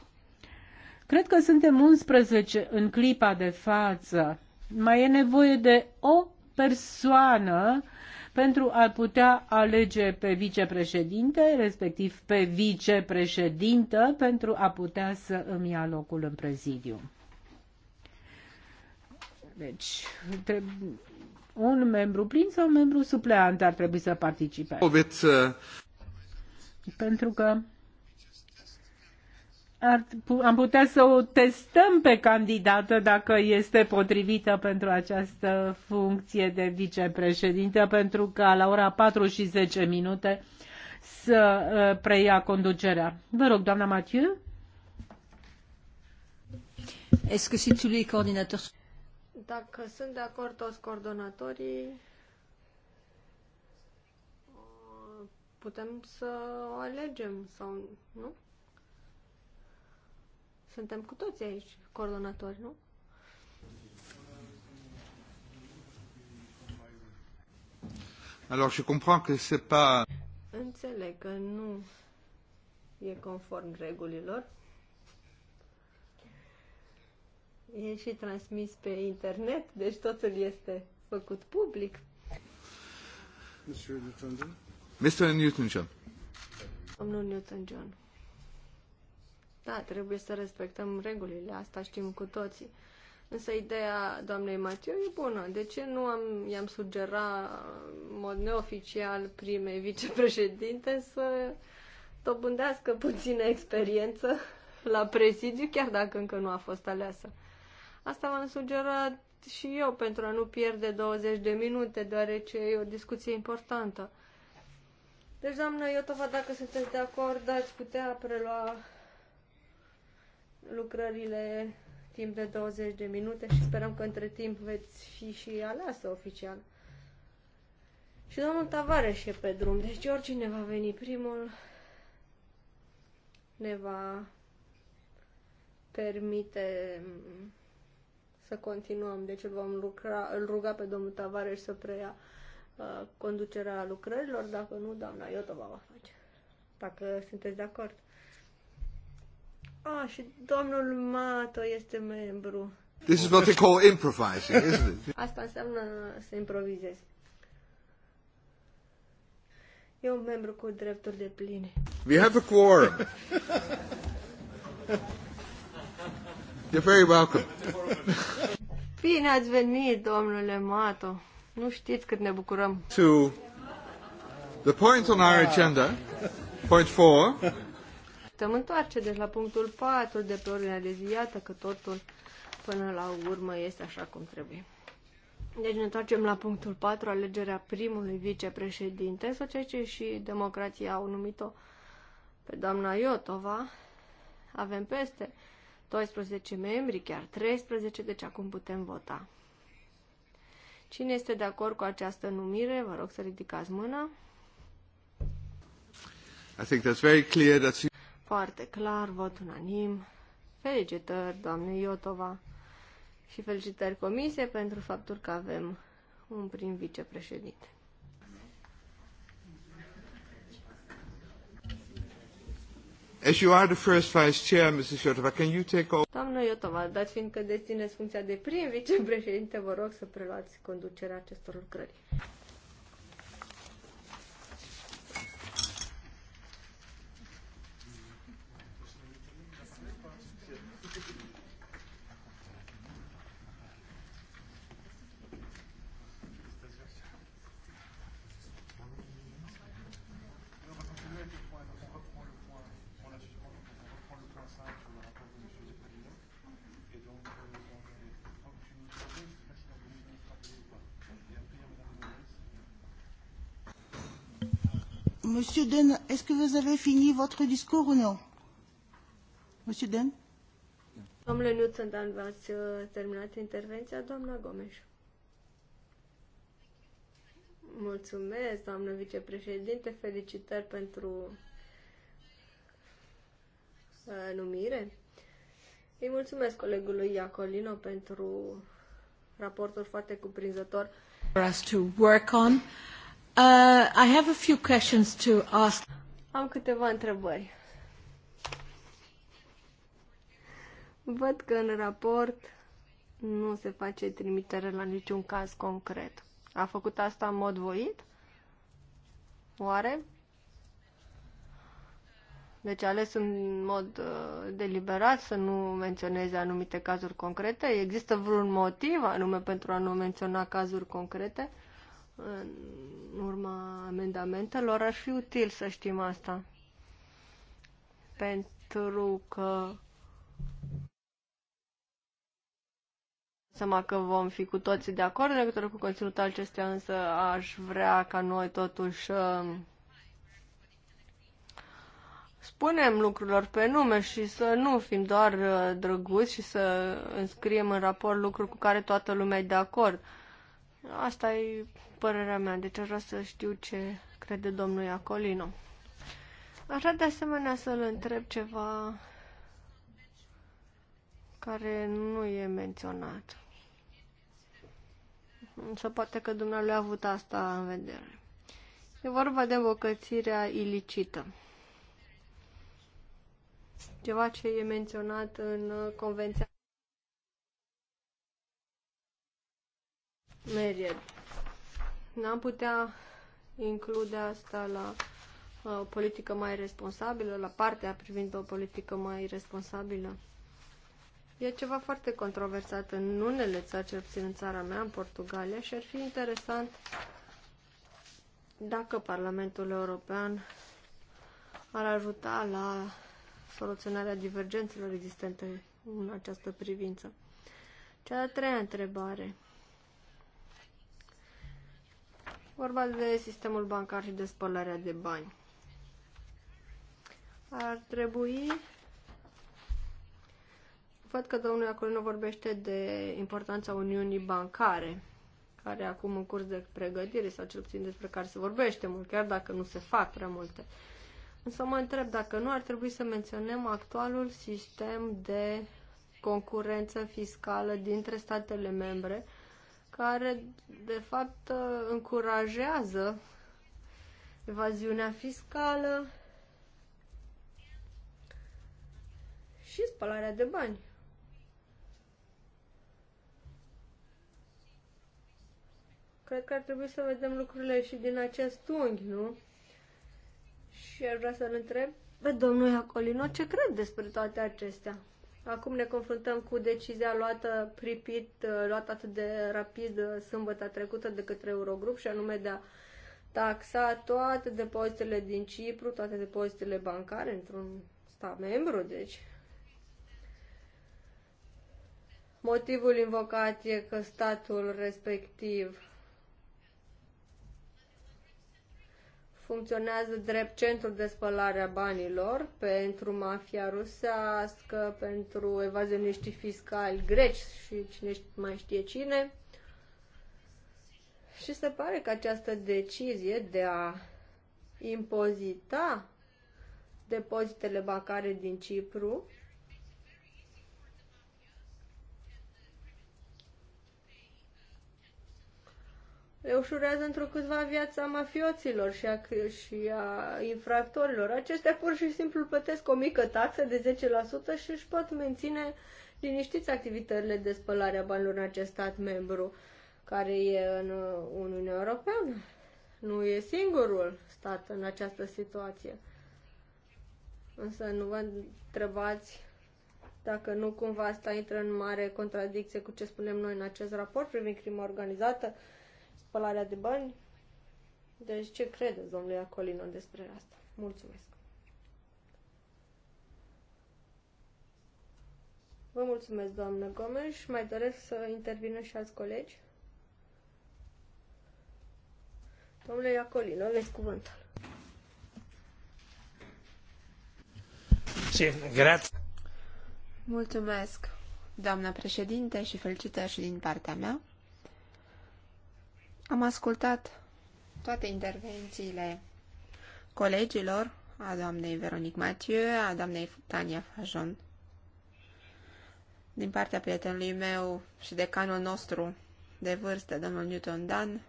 Cred că suntem 11 în clipa de față. Mai e nevoie de o persoană pentru a putea alege pe vicepreședinte, respectiv pe vicepreședintă, pentru a putea să îmi ia locul în prezidiu. Deci, un membru plin sau un membru supleant ar trebui să participe. Uh, pentru că am putea să o testăm pe candidată dacă este potrivită pentru această funcție de vicepreședinte, pentru că la ora 4 și 10 minute să uh, preia conducerea. Vă rog, doamna Mathieu. Dacă sunt de acord toți coordonatorii, putem să o alegem sau nu? Suntem cu toți aici coordonatori, nu? Alors, je comprends que c'est pas... Înțeleg că nu e conform regulilor. E și transmis pe internet, deci totul este făcut public. Mr. Newton-John. Domnul Newton-John. Da, trebuie să respectăm regulile, asta știm cu toții. Însă ideea doamnei Matiu e bună. De ce nu am, i-am sugera în mod neoficial primei vicepreședinte să dobândească puțină experiență la prezidiu, chiar dacă încă nu a fost aleasă. Asta m am sugerat și eu pentru a nu pierde 20 de minute, deoarece e o discuție importantă. Deci, doamnă Iotova, dacă sunteți de acord, ați putea prelua lucrările timp de 20 de minute și sperăm că între timp veți fi și aleasă oficial. Și domnul Tavares e pe drum, deci oricine va veni primul ne va permite mm, să continuăm. Deci îl vom lucra, îl ruga pe domnul Tavares să preia uh, conducerea lucrărilor, dacă nu, doamna Iotova va face. Dacă sunteți de acord. Ah, și domnul Mato este membru. This is what they call improvising, isn't it? Asta înseamnă să improvizez. E un membru cu drepturi de pline. We have a quorum. You're very welcome. Bine ați venit, domnule Mato. Nu știți cât ne bucurăm. To the point on our agenda, point four, putem întoarce deci la punctul 4 de pe ordinea de zi, iată că totul până la urmă este așa cum trebuie. Deci ne întoarcem la punctul 4, alegerea primului vicepreședinte. ce și democrația au numit-o pe doamna Iotova. Avem peste 12 membri, chiar 13, deci acum putem vota. Cine este de acord cu această numire, vă rog să ridicați mâna. I think that's very clear that foarte clar, vot unanim. Felicitări, doamne Iotova, și felicitări comisie pentru faptul că avem un prim vicepreședinte. As you are the first vice chair, Mrs. Iotova, can you take over? Doamnă Iotova, dat fiindcă dețineți funcția de prim vicepreședinte, vă rog să preluați conducerea acestor lucrări. Monsieur Den, est-ce que vous avez fini votre discours ou non Monsieur Den Domnule Nuțăndan, v-ați uh, terminat intervenția, doamna Gomes. Mulțumesc, doamnă vicepreședinte, felicitări pentru uh, numire. Îi mulțumesc colegului Iacolino pentru raportul foarte cuprinzător. For us to work on. Uh, I have a few questions to ask. Am câteva întrebări. Văd că în raport nu se face trimitere la niciun caz concret. A făcut asta în mod voit? Oare? Deci a ales în mod uh, deliberat să nu menționeze anumite cazuri concrete? Există vreun motiv anume pentru a nu menționa cazuri concrete? în urma amendamentelor, ar fi util să știm asta. Pentru că seama că vom fi cu toții de acord în legătură cu conținutul acestea, însă aș vrea ca noi totuși um, spunem lucrurilor pe nume și să nu fim doar uh, drăguți și să înscriem în raport lucruri cu care toată lumea e de acord. Asta e părerea mea, deci aș vrea să știu ce crede domnul Iacolino. Aș vrea de asemenea să-l întreb ceva care nu e menționat. Să poate că dumnealui a avut asta în vedere. E vorba de îmbocățirea ilicită. Ceva ce e menționat în Convenția Meriet n-am putea include asta la uh, o politică mai responsabilă, la partea privind o politică mai responsabilă? E ceva foarte controversat în unele țări, cel puțin în țara mea, în Portugalia, și ar fi interesant dacă Parlamentul European ar ajuta la soluționarea divergențelor existente în această privință. Cea de-a treia întrebare. Vorba de sistemul bancar și de spălarea de bani. Ar trebui... Văd că domnul Iacolino vorbește de importanța Uniunii Bancare, care acum în curs de pregătire, sau cel puțin despre care se vorbește mult, chiar dacă nu se fac prea multe. Însă mă întreb dacă nu ar trebui să menționăm actualul sistem de concurență fiscală dintre statele membre, care de fapt încurajează evaziunea fiscală și spălarea de bani. Cred că ar trebui să vedem lucrurile și din acest unghi, nu? Și aș vrea să-l întreb pe domnul Iacolino ce cred despre toate acestea. Acum ne confruntăm cu decizia luată pripit, uh, luată atât de rapid uh, sâmbătă trecută de către Eurogrup și anume de a taxa toate depozitele din Cipru, toate depozitele bancare într-un stat membru, deci Motivul invocat e că statul respectiv funcționează drept centru de spălare a banilor pentru mafia rusească, pentru evazioniștii fiscali greci și cine mai știe cine. Și se pare că această decizie de a impozita depozitele bancare din Cipru le ușurează într-o câțiva viața mafioților și a, și a infractorilor. Acestea pur și simplu plătesc o mică taxă de 10% și își pot menține liniștiți activitățile de spălare a banilor în acest stat membru care e în Uniunea Europeană. Nu e singurul stat în această situație. Însă nu vă întrebați dacă nu cumva asta intră în mare contradicție cu ce spunem noi în acest raport privind crima organizată, spălarea de bani. Deci ce credeți, domnule Acolino, despre asta? Mulțumesc! Vă mulțumesc, doamnă Gomes. Mai doresc să intervină și alți colegi? Domnule Iacolino, aveți cuvântul. Si, grazie. Mulțumesc, doamna președinte, și felicitări și din partea mea. Am ascultat toate intervențiile colegilor, a doamnei Veronic Mathieu, a doamnei Tania Fajon. Din partea prietenului meu și decanul nostru de vârstă, domnul Newton Dan,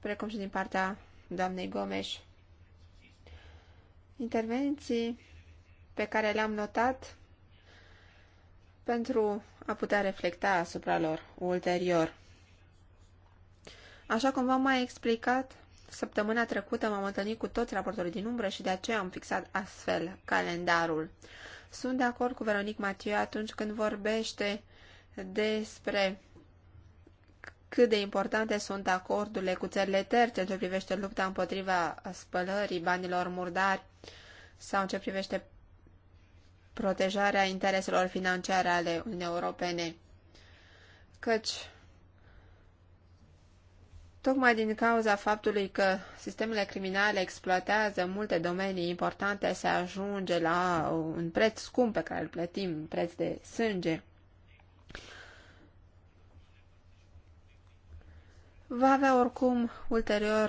precum și din partea doamnei Gomes. Intervenții pe care le-am notat pentru a putea reflecta asupra lor ulterior. Așa cum v-am mai explicat, săptămâna trecută m-am întâlnit cu toți raportorii din umbră și de aceea am fixat astfel calendarul. Sunt de acord cu Veronic Matiu atunci când vorbește despre cât de importante sunt acordurile cu țările terțe în ce privește lupta împotriva spălării banilor murdari sau în ce privește protejarea intereselor financiare ale Uniunii Europene. Căci Tocmai din cauza faptului că sistemele criminale exploatează multe domenii importante, se ajunge la uh, un preț scump pe care îl plătim, preț de sânge. Va avea oricum ulterior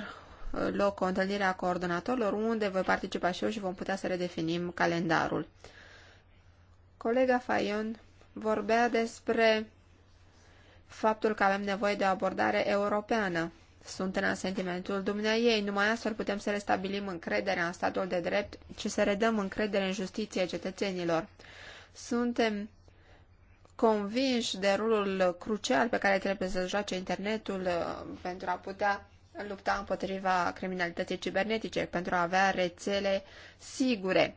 uh, loc o întâlnire a coordonatorilor, unde voi participa și eu și vom putea să redefinim calendarul. Colega Fayon vorbea despre faptul că avem nevoie de o abordare europeană sunt în asentimentul dumneai. Numai astfel putem să restabilim încrederea în statul de drept și să redăm încredere în justiție cetățenilor. Suntem convinși de rolul crucial pe care trebuie să joace internetul uh, pentru a putea lupta împotriva criminalității cibernetice, pentru a avea rețele sigure.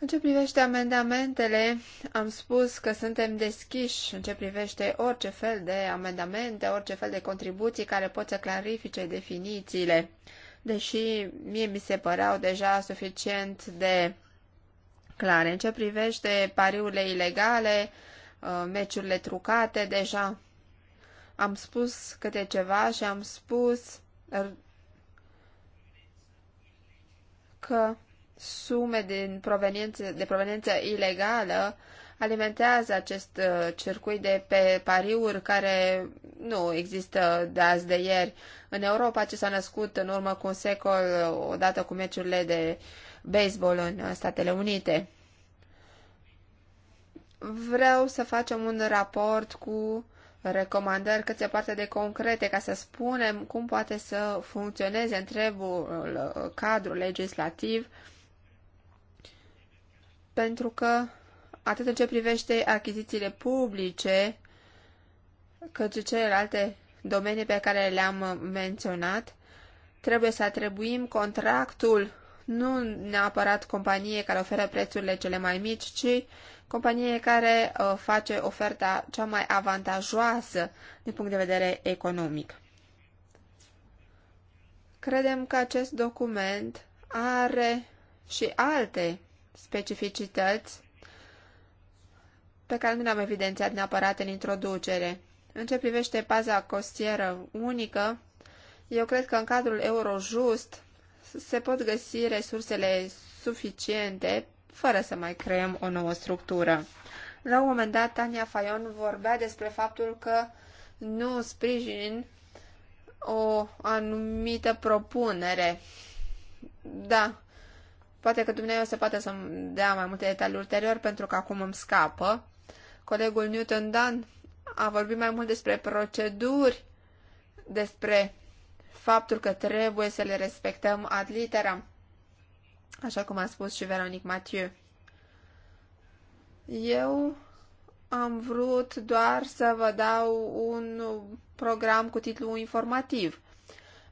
În ce privește amendamentele, am spus că suntem deschiși în ce privește orice fel de amendamente, orice fel de contribuții care pot să clarifice definițiile, deși mie mi se păreau deja suficient de clare. În ce privește pariurile ilegale, uh, meciurile trucate, deja am spus câte ceva și am spus uh, că sume din proveniență, de proveniență ilegală alimentează acest uh, circuit de pe pariuri care nu există de azi de ieri. În Europa, ce s-a născut în urmă cu un secol, uh, odată cu meciurile de baseball în uh, Statele Unite. Vreau să facem un raport cu recomandări cât se poate de concrete ca să spunem cum poate să funcționeze întregul cadru legislativ uh, pentru că atât în ce privește achizițiile publice, cât și celelalte domenii pe care le-am menționat, trebuie să atribuim contractul nu neapărat companiei care oferă prețurile cele mai mici, ci companiei care uh, face oferta cea mai avantajoasă din punct de vedere economic. Credem că acest document are și alte specificități pe care nu le-am evidențiat neapărat în introducere. În ce privește paza costieră unică, eu cred că în cadrul Eurojust se pot găsi resursele suficiente fără să mai creăm o nouă structură. La un moment dat, Tania Fayon vorbea despre faptul că nu sprijin o anumită propunere. Da, Poate că se poate să-mi dea mai multe detalii ulterior, pentru că acum îmi scapă. Colegul Newton Dan a vorbit mai mult despre proceduri, despre faptul că trebuie să le respectăm ad literam, așa cum a spus și Veronic Mathieu. Eu am vrut doar să vă dau un program cu titlu informativ.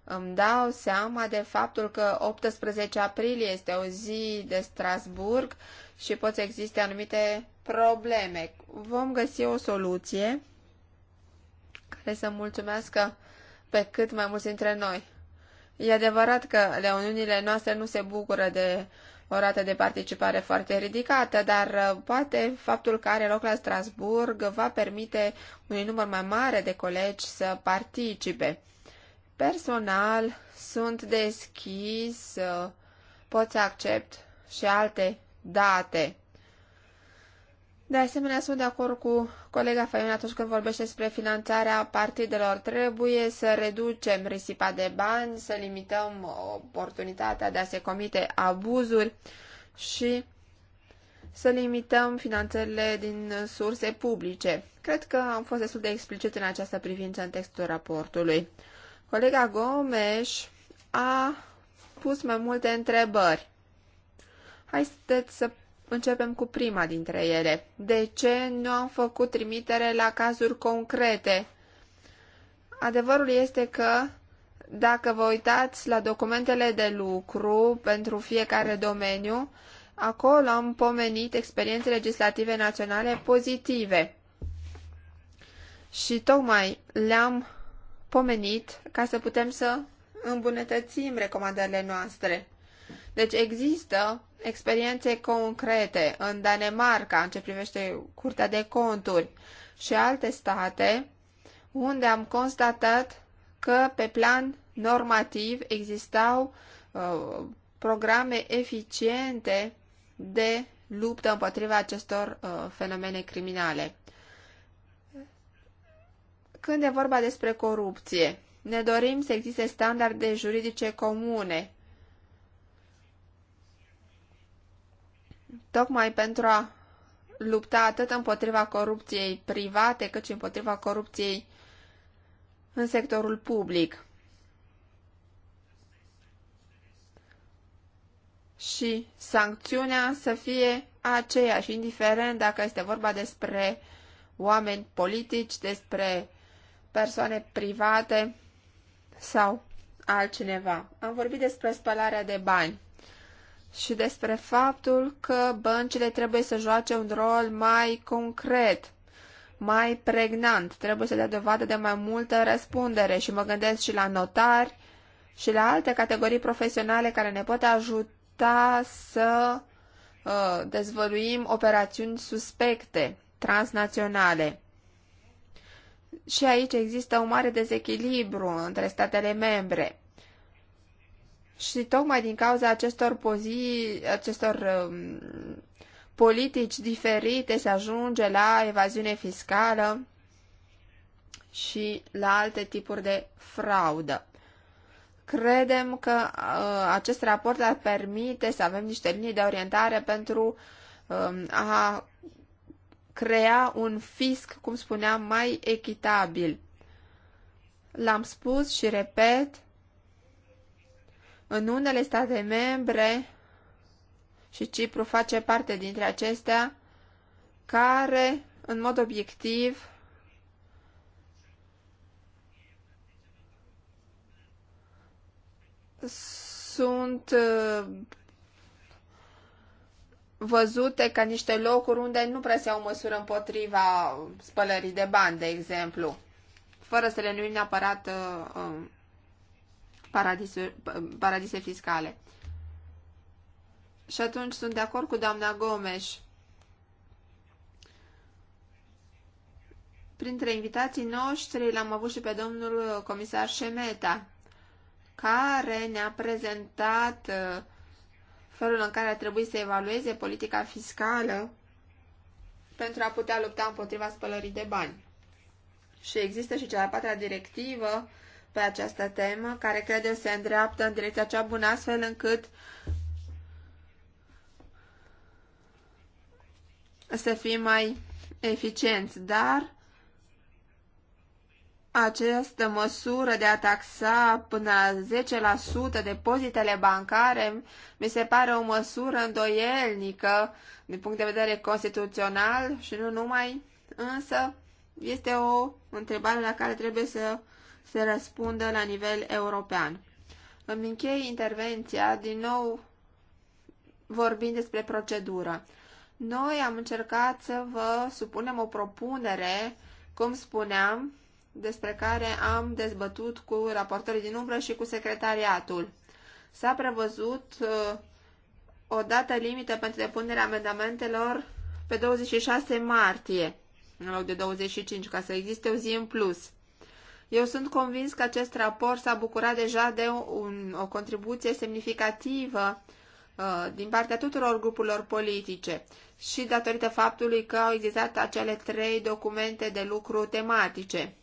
Îmi dau seama de faptul că 18 aprilie este o zi de Strasburg și pot să existe anumite probleme. Vom găsi o soluție care să mulțumească pe cât mai mulți dintre noi. E adevărat că reuniunile noastre nu se bucură de o rată de participare foarte ridicată, dar uh, poate faptul că are loc la Strasburg va permite unui număr mai mare de colegi să participe. Personal, sunt deschis, uh, pot să accept și alte date. De asemenea, sunt de acord cu colega Faiun atunci când vorbește despre finanțarea partidelor. Trebuie să reducem risipa de bani, să limităm oportunitatea de a se comite abuzuri și să limităm finanțările din surse publice. Cred că am fost destul de explicit în această privință în textul raportului. Colega Gomes a pus mai multe întrebări. Haideți să începem cu prima dintre ele. De ce nu am făcut trimitere la cazuri concrete? Adevărul este că dacă vă uitați la documentele de lucru pentru fiecare domeniu, acolo am pomenit experiențe legislative naționale pozitive. Și tocmai le-am pomenit ca să putem să îmbunătățim recomandările noastre. Deci există experiențe concrete în Danemarca în ce privește Curtea de Conturi și alte state unde am constatat că pe plan normativ existau uh, programe eficiente de luptă împotriva acestor uh, fenomene criminale. Când e vorba despre corupție, ne dorim să existe standarde juridice comune, tocmai pentru a lupta atât împotriva corupției private, cât și împotriva corupției în sectorul public. Și sancțiunea să fie aceeași, indiferent dacă este vorba despre oameni politici, despre persoane private sau altcineva. Am vorbit despre spălarea de bani și despre faptul că băncile trebuie să joace un rol mai concret, mai pregnant, trebuie să dea dovadă de mai multă răspundere și mă gândesc și la notari și la alte categorii profesionale care ne pot ajuta să uh, dezvăluim operațiuni suspecte transnaționale. Și aici există un mare dezechilibru între statele membre. Și tocmai din cauza acestor pozii, acestor um, politici diferite se ajunge la evaziune fiscală și la alte tipuri de fraudă. Credem că uh, acest raport ar permite să avem niște linii de orientare pentru uh, a crea un fisc, cum spuneam, mai echitabil. L-am spus și repet, în unele state membre, și Cipru face parte dintre acestea, care, în mod obiectiv, sunt uh, văzute ca niște locuri unde nu prea se iau măsură împotriva spălării de bani, de exemplu, fără să le numim neapărat uh, um, paradise, paradise fiscale. Și atunci sunt de acord cu doamna Gomes. Printre invitații noștri l-am avut și pe domnul comisar Șemeta, care ne-a prezentat uh, felul în care ar trebui să evalueze politica fiscală pentru a putea lupta împotriva spălării de bani. Și există și cea de-a patra directivă pe această temă, care crede se îndreaptă în direcția cea bună, astfel încât să fim mai eficienți, dar această măsură de a taxa până la 10% depozitele bancare mi se pare o măsură îndoielnică din punct de vedere constituțional și nu numai, însă este o întrebare la care trebuie să se răspundă la nivel european. Îmi închei intervenția din nou vorbind despre procedură. Noi am încercat să vă supunem o propunere, cum spuneam, despre care am dezbătut cu raportorii din umbră și cu secretariatul. S-a prevăzut uh, o dată limită pentru depunerea amendamentelor pe 26 martie, în loc de 25, ca să existe o zi în plus. Eu sunt convins că acest raport s-a bucurat deja de un, o contribuție semnificativă uh, din partea tuturor grupurilor politice și datorită faptului că au existat acele trei documente de lucru tematice.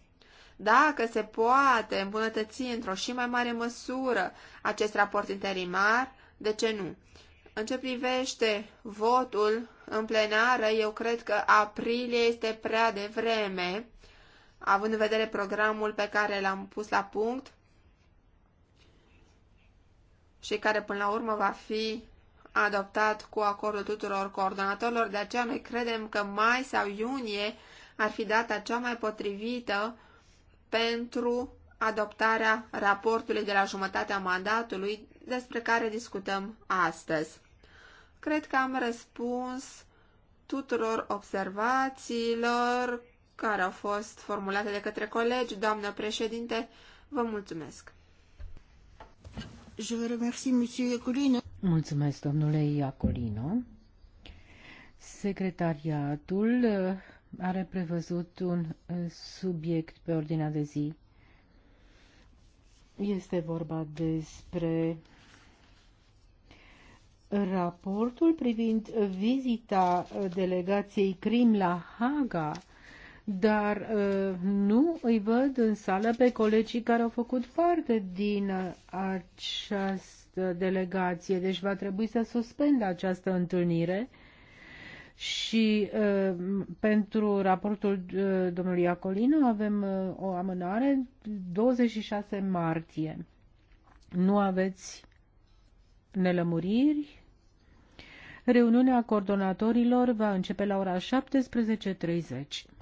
Dacă se poate îmbunătăți într-o și mai mare măsură acest raport interimar, de ce nu? În ce privește votul în plenară, eu cred că aprilie este prea devreme, având în vedere programul pe care l-am pus la punct și care până la urmă va fi adoptat cu acordul tuturor coordonatorilor, de aceea noi credem că mai sau iunie ar fi data cea mai potrivită pentru adoptarea raportului de la jumătatea mandatului despre care discutăm astăzi. Cred că am răspuns tuturor observațiilor care au fost formulate de către colegi. Doamnă președinte, vă mulțumesc. Je remercie, monsieur Iacolino. Mulțumesc, domnule Iacolino. Secretariatul are prevăzut un uh, subiect pe ordinea de zi. Este vorba despre raportul privind vizita uh, delegației Crim la Haga, dar uh, nu îi văd în sală pe colegii care au făcut parte din această delegație, deci va trebui să suspendă această întâlnire și uh, pentru raportul uh, domnului Acolino avem uh, o amânare 26 martie. Nu aveți nelămuriri? Reuniunea coordonatorilor va începe la ora 17.30.